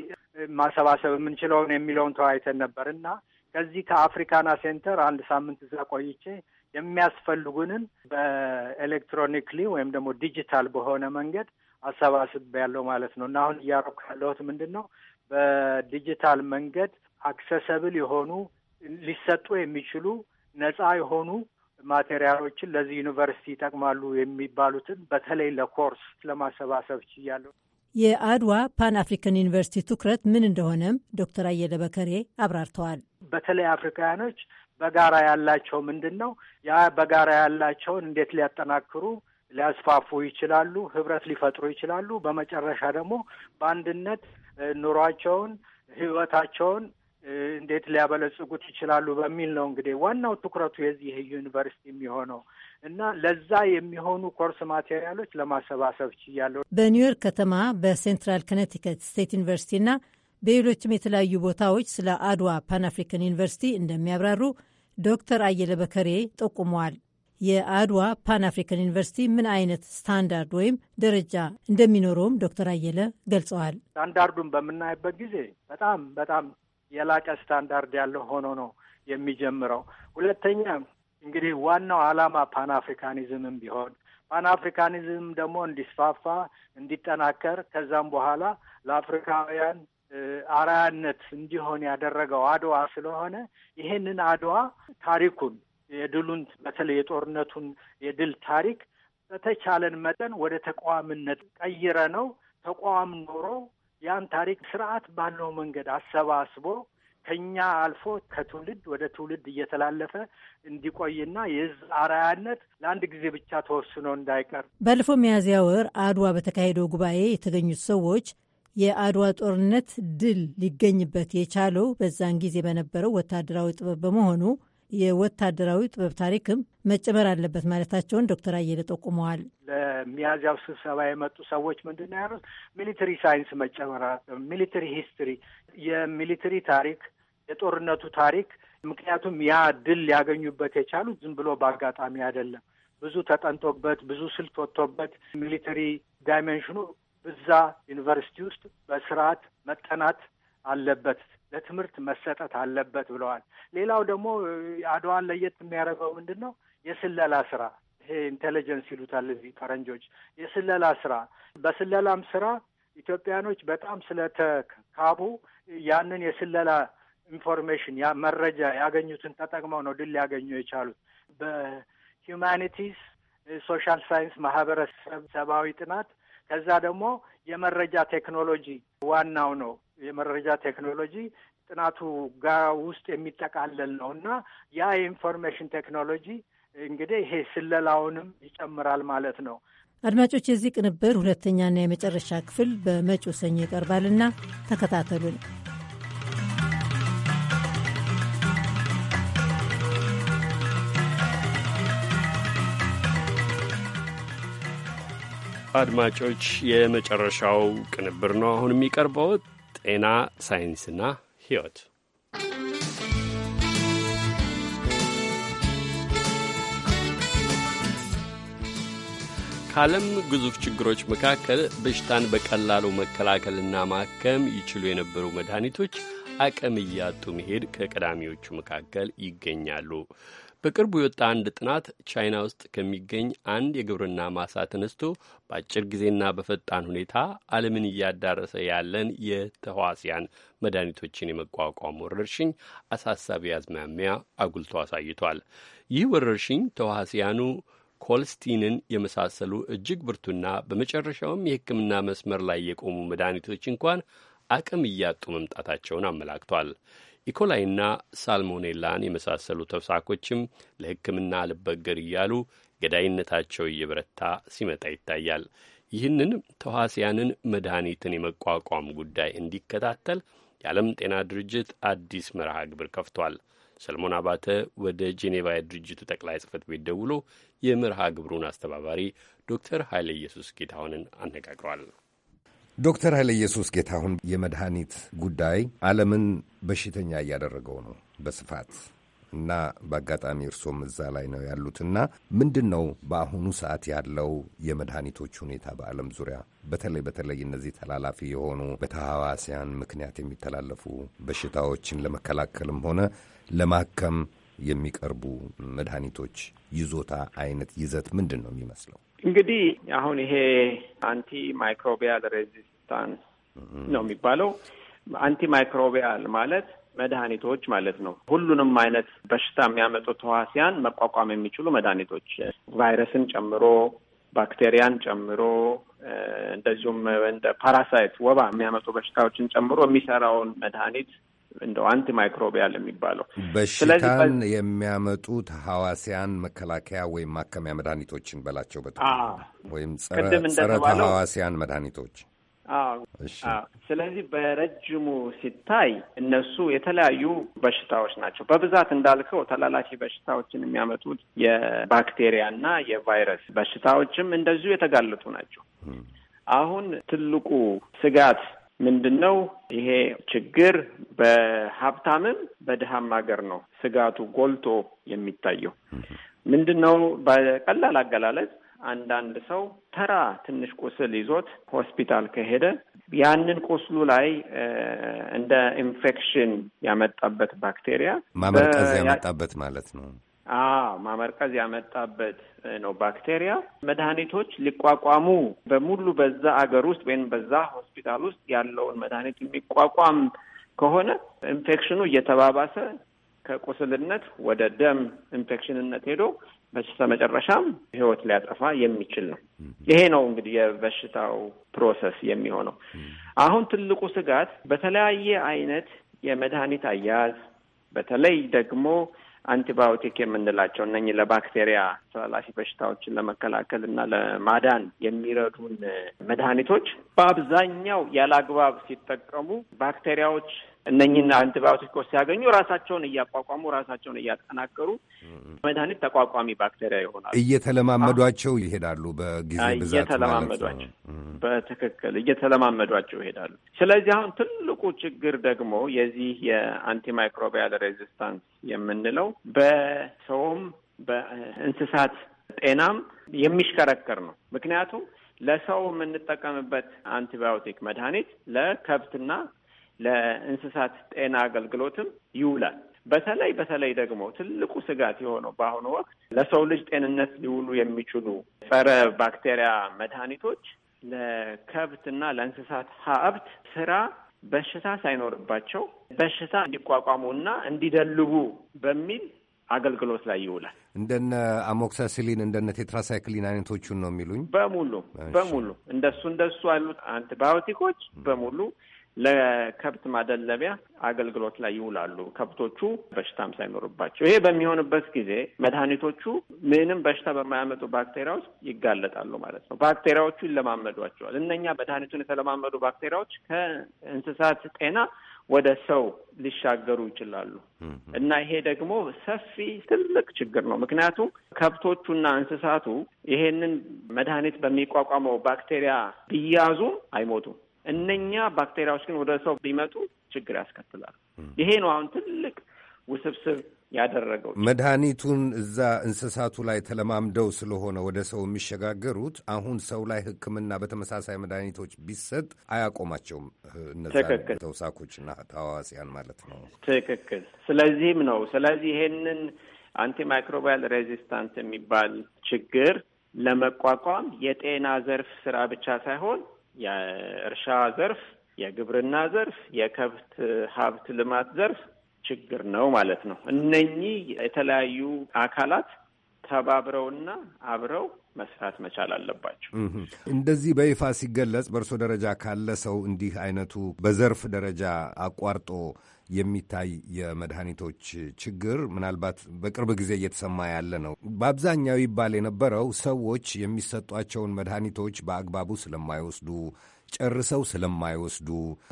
ማሰባሰብ የምንችለውን የሚለውን ተወያይተን ነበር እና ከዚህ ከአፍሪካና ሴንተር አንድ ሳምንት እዛ ቆይቼ የሚያስፈልጉንን በኤሌክትሮኒክሊ ወይም ደግሞ ዲጂታል በሆነ መንገድ አሰባስብ ያለው ማለት ነው እና አሁን እያረኩ ያለሁት ምንድን ነው በዲጂታል መንገድ አክሰሰብል የሆኑ ሊሰጡ የሚችሉ ነፃ የሆኑ ማቴሪያሎችን ለዚህ ዩኒቨርሲቲ ይጠቅማሉ የሚባሉትን በተለይ ለኮርስ ለማሰባሰብ ችያለሁ። የአድዋ ፓን አፍሪካን ዩኒቨርሲቲ ትኩረት ምን እንደሆነም ዶክተር አየለ በከሬ አብራርተዋል። በተለይ አፍሪካውያኖች በጋራ ያላቸው ምንድን ነው? ያ በጋራ ያላቸውን እንዴት ሊያጠናክሩ ሊያስፋፉ ይችላሉ? ህብረት ሊፈጥሩ ይችላሉ? በመጨረሻ ደግሞ በአንድነት ኑሯቸውን ህይወታቸውን እንዴት ሊያበለጽጉት ይችላሉ በሚል ነው እንግዲህ ዋናው ትኩረቱ የዚህ ዩኒቨርሲቲ የሚሆነው እና ለዛ የሚሆኑ ኮርስ ማቴሪያሎች ለማሰባሰብ ችያለሁ። በኒውዮርክ ከተማ በሴንትራል ኮኔቲከት ስቴት ዩኒቨርሲቲና በሌሎችም የተለያዩ ቦታዎች ስለ አድዋ ፓን አፍሪካን ዩኒቨርሲቲ እንደሚያብራሩ ዶክተር አየለ በከሬ ጠቁመዋል። የአድዋ ፓን አፍሪካን ዩኒቨርሲቲ ምን አይነት ስታንዳርድ ወይም ደረጃ እንደሚኖረውም ዶክተር አየለ ገልጸዋል። ስታንዳርዱን በምናይበት ጊዜ በጣም በጣም የላቀ ስታንዳርድ ያለው ሆኖ ነው የሚጀምረው። ሁለተኛ እንግዲህ ዋናው ዓላማ ፓን አፍሪካኒዝምም ቢሆን ፓን አፍሪካኒዝም ደግሞ እንዲስፋፋ እንዲጠናከር፣ ከዛም በኋላ ለአፍሪካውያን አራያነት እንዲሆን ያደረገው አድዋ ስለሆነ ይሄንን አድዋ ታሪኩን የድሉን በተለይ የጦርነቱን የድል ታሪክ በተቻለን መጠን ወደ ተቋምነት ቀይረ ነው ተቋም ኖሮ ያን ታሪክ ስርዓት ባለው መንገድ አሰባስቦ ከኛ አልፎ ከትውልድ ወደ ትውልድ እየተላለፈ እንዲቆይና የሕዝብ አርአያነት ለአንድ ጊዜ ብቻ ተወስኖ እንዳይቀር። ባለፈው ሚያዝያ ወር አድዋ በተካሄደው ጉባኤ የተገኙት ሰዎች የአድዋ ጦርነት ድል ሊገኝበት የቻለው በዛን ጊዜ በነበረው ወታደራዊ ጥበብ በመሆኑ የወታደራዊ ጥበብ ታሪክም መጨመር አለበት ማለታቸውን ዶክተር አየለ ጠቁመዋል። ለሚያዝያው ስብሰባ የመጡ ሰዎች ምንድን ነው ያሉት? ሚሊተሪ ሳይንስ መጨመር፣ ሚሊተሪ ሂስትሪ፣ የሚሊተሪ ታሪክ፣ የጦርነቱ ታሪክ። ምክንያቱም ያ ድል ሊያገኙበት የቻሉት ዝም ብሎ በአጋጣሚ አይደለም። ብዙ ተጠንቶበት፣ ብዙ ስልት ወጥቶበት ሚሊተሪ ዳይሜንሽኑ እዛ ዩኒቨርሲቲ ውስጥ በስርዓት መጠናት አለበት። ለትምህርት መሰጠት አለበት ብለዋል። ሌላው ደግሞ አድዋን ለየት የሚያደርገው ምንድን ነው? የስለላ ስራ ይሄ ኢንቴሊጀንስ ይሉታል እዚህ ፈረንጆች። የስለላ ስራ በስለላም ስራ ኢትዮጵያኖች በጣም ስለተካቡ ያንን የስለላ ኢንፎርሜሽን ያ መረጃ ያገኙትን ተጠቅመው ነው ድል ያገኙ የቻሉት። በሂዩማኒቲስ ሶሻል ሳይንስ ማህበረሰብ ሰብአዊ ጥናት ከዛ ደግሞ የመረጃ ቴክኖሎጂ ዋናው ነው። የመረጃ ቴክኖሎጂ ጥናቱ ጋር ውስጥ የሚጠቃለል ነው እና ያ የኢንፎርሜሽን ቴክኖሎጂ እንግዲህ ይሄ ስለላውንም ይጨምራል ማለት ነው። አድማጮች፣ የዚህ ቅንብር ሁለተኛና የመጨረሻ ክፍል በመጪው ሰኞ ይቀርባልና ተከታተሉን። አድማጮች፣ የመጨረሻው ቅንብር ነው አሁን የሚቀርበው ጤና፣ ሳይንስና ሕይወት ከዓለም ግዙፍ ችግሮች መካከል በሽታን በቀላሉ መከላከልና ማከም ይችሉ የነበሩ መድኃኒቶች አቅም እያጡ መሄድ ከቀዳሚዎቹ መካከል ይገኛሉ። በቅርቡ የወጣ አንድ ጥናት ቻይና ውስጥ ከሚገኝ አንድ የግብርና ማሳ ተነስቶ በአጭር ጊዜና በፈጣን ሁኔታ ዓለምን እያዳረሰ ያለን የተህዋሲያን መድኃኒቶችን የመቋቋም ወረርሽኝ አሳሳቢ አዝማሚያ አጉልቶ አሳይቷል። ይህ ወረርሽኝ ተህዋሲያኑ ኮልስቲንን የመሳሰሉ እጅግ ብርቱና በመጨረሻውም የሕክምና መስመር ላይ የቆሙ መድኃኒቶች እንኳን አቅም እያጡ መምጣታቸውን አመላክቷል። ኢኮላይና ሳልሞኔላን የመሳሰሉ ተውሳኮችም ለሕክምና አልበገር እያሉ ገዳይነታቸው እየበረታ ሲመጣ ይታያል። ይህንን ተዋሲያንን መድኃኒትን የመቋቋም ጉዳይ እንዲከታተል የዓለም ጤና ድርጅት አዲስ መርሃ ግብር ከፍቷል። ሰለሞን አባተ ወደ ጄኔቫ የድርጅቱ ጠቅላይ ጽህፈት ቤት ደውሎ የመርሃ ግብሩን አስተባባሪ ዶክተር ኃይለ ኢየሱስ ጌታሁንን አነጋግሯል። ዶክተር ኃይለ ኢየሱስ ጌታሁን የመድኃኒት ጉዳይ ዓለምን በሽተኛ እያደረገው ነው በስፋት እና በአጋጣሚ እርሶም እዛ ላይ ነው ያሉትና ምንድን ነው በአሁኑ ሰዓት ያለው የመድኃኒቶች ሁኔታ በዓለም ዙሪያ በተለይ በተለይ እነዚህ ተላላፊ የሆኑ በተሐዋስያን ምክንያት የሚተላለፉ በሽታዎችን ለመከላከልም ሆነ ለማከም የሚቀርቡ መድኃኒቶች ይዞታ አይነት ይዘት ምንድን ነው የሚመስለው? እንግዲህ አሁን ይሄ አንቲ ማይክሮቢያል ሬዚስታንስ ነው የሚባለው። አንቲ ማይክሮቢያል ማለት መድኃኒቶች ማለት ነው። ሁሉንም አይነት በሽታ የሚያመጡ ተዋሲያን መቋቋም የሚችሉ መድኃኒቶች ቫይረስን ጨምሮ ባክቴሪያን ጨምሮ እንደዚሁም እንደ ፓራሳይት ወባ የሚያመጡ በሽታዎችን ጨምሮ የሚሰራውን መድኃኒት እንደ አንቲማይክሮቢያል የሚባለው በሽታን የሚያመጡት ሐዋሲያን መከላከያ ወይም ማከሚያ መድኃኒቶችን በላቸው በጣም ወይም ጸረ ተሐዋሲያን መድኃኒቶች። ስለዚህ በረጅሙ ሲታይ እነሱ የተለያዩ በሽታዎች ናቸው። በብዛት እንዳልከው ተላላፊ በሽታዎችን የሚያመጡት የባክቴሪያና የቫይረስ በሽታዎችም እንደዚሁ የተጋለጡ ናቸው። አሁን ትልቁ ስጋት ምንድን ነው ይሄ ችግር? በሀብታምም በድሃም ሀገር ነው ስጋቱ ጎልቶ የሚታየው። ምንድን ነው በቀላል አገላለጽ አንዳንድ ሰው ተራ ትንሽ ቁስል ይዞት ሆስፒታል ከሄደ ያንን ቁስሉ ላይ እንደ ኢንፌክሽን ያመጣበት ባክቴሪያ ማመልቀዝ ያመጣበት ማለት ነው። አዎ ማመርቀዝ ያመጣበት ነው ባክቴሪያ። መድኃኒቶች ሊቋቋሙ በሙሉ በዛ አገር ውስጥ ወይም በዛ ሆስፒታል ውስጥ ያለውን መድኃኒት የሚቋቋም ከሆነ ኢንፌክሽኑ እየተባባሰ ከቁስልነት ወደ ደም ኢንፌክሽንነት ሄዶ በስተ መጨረሻም ህይወት ሊያጠፋ የሚችል ነው። ይሄ ነው እንግዲህ የበሽታው ፕሮሰስ የሚሆነው። አሁን ትልቁ ስጋት በተለያየ አይነት የመድኃኒት አያያዝ በተለይ ደግሞ አንቲባዮቲክ የምንላቸው እነህ ለባክቴሪያ ተላላፊ በሽታዎችን ለመከላከል እና ለማዳን የሚረዱን መድኃኒቶች በአብዛኛው ያለ አግባብ ሲጠቀሙ ባክቴሪያዎች እነኝህን አንቲባዮቲክ ኮርስ ሲያገኙ ራሳቸውን እያቋቋሙ ራሳቸውን እያጠናከሩ መድኃኒት ተቋቋሚ ባክቴሪያ ይሆናሉ። እየተለማመዷቸው ይሄዳሉ። በጊዜ ብዛት እየተለማመዷቸው በትክክል እየተለማመዷቸው ይሄዳሉ። ስለዚህ አሁን ትልቁ ችግር ደግሞ የዚህ የአንቲማይክሮቢያል ሬዚስታንስ የምንለው በሰውም በእንስሳት ጤናም የሚሽከረከር ነው። ምክንያቱም ለሰው የምንጠቀምበት አንቲባዮቲክ መድኃኒት ለከብትና ለእንስሳት ጤና አገልግሎትም ይውላል። በተለይ በተለይ ደግሞ ትልቁ ስጋት የሆነው በአሁኑ ወቅት ለሰው ልጅ ጤንነት ሊውሉ የሚችሉ ጸረ ባክቴሪያ መድኃኒቶች ለከብትና ለእንስሳት ሀብት ስራ በሽታ ሳይኖርባቸው በሽታ እንዲቋቋሙና እንዲደልቡ በሚል አገልግሎት ላይ ይውላል። እንደነ አሞክሳሲሊን እንደነ ቴትራሳይክሊን አይነቶቹን ነው የሚሉኝ። በሙሉ በሙሉ እንደሱ እንደሱ ያሉት አንቲባዮቲኮች በሙሉ ለከብት ማደለቢያ አገልግሎት ላይ ይውላሉ። ከብቶቹ በሽታም ሳይኖርባቸው። ይሄ በሚሆንበት ጊዜ መድኃኒቶቹ ምንም በሽታ በማያመጡ ባክቴሪያዎች ይጋለጣሉ ማለት ነው። ባክቴሪያዎቹ ይለማመዷቸዋል። እነኛ መድኃኒቱን የተለማመዱ ባክቴሪያዎች ከእንስሳት ጤና ወደ ሰው ሊሻገሩ ይችላሉ እና ይሄ ደግሞ ሰፊ ትልቅ ችግር ነው። ምክንያቱም ከብቶቹና እንስሳቱ ይሄንን መድኃኒት በሚቋቋመው ባክቴሪያ ቢያዙ አይሞቱም እነኛ ባክቴሪያዎች ግን ወደ ሰው ቢመጡ ችግር ያስከትላል። ይሄ ነው አሁን ትልቅ ውስብስብ ያደረገው። መድኃኒቱን እዛ እንስሳቱ ላይ ተለማምደው ስለሆነ ወደ ሰው የሚሸጋገሩት አሁን ሰው ላይ ሕክምና በተመሳሳይ መድኃኒቶች ቢሰጥ አያቆማቸውም። እነዛ ተውሳኮችና ተዋዋሲያን ማለት ነው። ትክክል። ስለዚህም ነው ስለዚህ ይሄንን አንቲማይክሮባል ሬዚስታንት የሚባል ችግር ለመቋቋም የጤና ዘርፍ ስራ ብቻ ሳይሆን የእርሻ ዘርፍ፣ የግብርና ዘርፍ፣ የከብት ሀብት ልማት ዘርፍ ችግር ነው ማለት ነው። እነኚህ የተለያዩ አካላት ተባብረውና አብረው መስራት መቻል አለባቸው። እንደዚህ በይፋ ሲገለጽ በእርሶ ደረጃ ካለ ሰው እንዲህ አይነቱ በዘርፍ ደረጃ አቋርጦ የሚታይ የመድኃኒቶች ችግር ምናልባት በቅርብ ጊዜ እየተሰማ ያለ ነው። በአብዛኛው ይባል የነበረው ሰዎች የሚሰጧቸውን መድኃኒቶች በአግባቡ ስለማይወስዱ ጨርሰው ስለማይወስዱ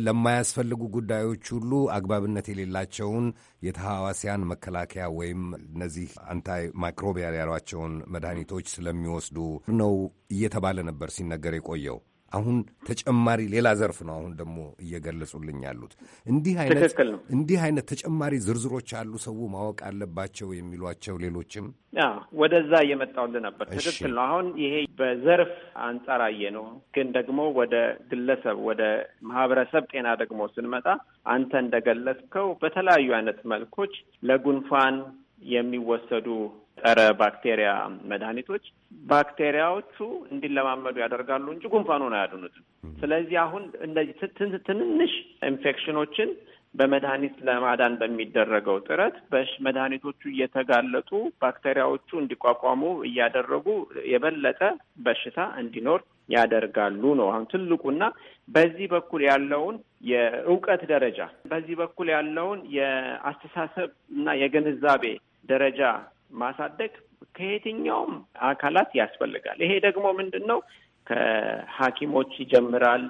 ለማያስፈልጉ ጉዳዮች ሁሉ አግባብነት የሌላቸውን የተሐዋስያን መከላከያ ወይም እነዚህ አንታይ ማይክሮቢያል ያሏቸውን መድኃኒቶች ስለሚወስዱ ነው እየተባለ ነበር ሲነገር የቆየው። አሁን ተጨማሪ ሌላ ዘርፍ ነው። አሁን ደግሞ እየገለጹልኝ ያሉት እንዲህ አይነት እንዲህ አይነት ተጨማሪ ዝርዝሮች አሉ ሰው ማወቅ አለባቸው የሚሏቸው ሌሎችም ወደዛ እየመጣሁልህ ነበር። ትክክል ነው። አሁን ይሄ በዘርፍ አንጻር አየ ነው፣ ግን ደግሞ ወደ ግለሰብ ወደ ማህበረሰብ ጤና ደግሞ ስንመጣ አንተ እንደገለጽከው በተለያዩ አይነት መልኮች ለጉንፋን የሚወሰዱ ጸረ ባክቴሪያ መድኃኒቶች ባክቴሪያዎቹ እንዲለማመዱ ያደርጋሉ እንጂ ጉንፋኑን አያድኑትም። ስለዚህ አሁን እነዚህ ትንንሽ ኢንፌክሽኖችን በመድኃኒት ለማዳን በሚደረገው ጥረት መድኃኒቶቹ እየተጋለጡ ባክቴሪያዎቹ እንዲቋቋሙ እያደረጉ የበለጠ በሽታ እንዲኖር ያደርጋሉ ነው አሁን ትልቁና በዚህ በኩል ያለውን የእውቀት ደረጃ በዚህ በኩል ያለውን የአስተሳሰብ እና የግንዛቤ ደረጃ ማሳደግ ከየትኛውም አካላት ያስፈልጋል። ይሄ ደግሞ ምንድን ነው? ከሐኪሞች ይጀምራል።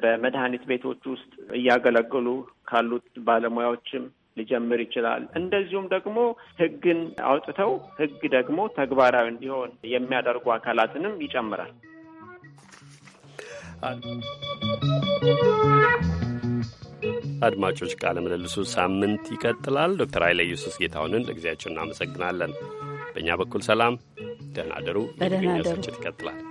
በመድኃኒት ቤቶች ውስጥ እያገለገሉ ካሉት ባለሙያዎችም ሊጀምር ይችላል። እንደዚሁም ደግሞ ሕግን አውጥተው ሕግ ደግሞ ተግባራዊ እንዲሆን የሚያደርጉ አካላትንም ይጨምራል። አድማጮች ቃለ ምልልሱ ሳምንት ይቀጥላል። ዶክተር ኃይለ ኢየሱስ ጌታሁንን ለጊዜያቸው እናመሰግናለን። በእኛ በኩል ሰላም፣ ደህና ደሩ። የትግርኛ ስርጭት ይቀጥላል።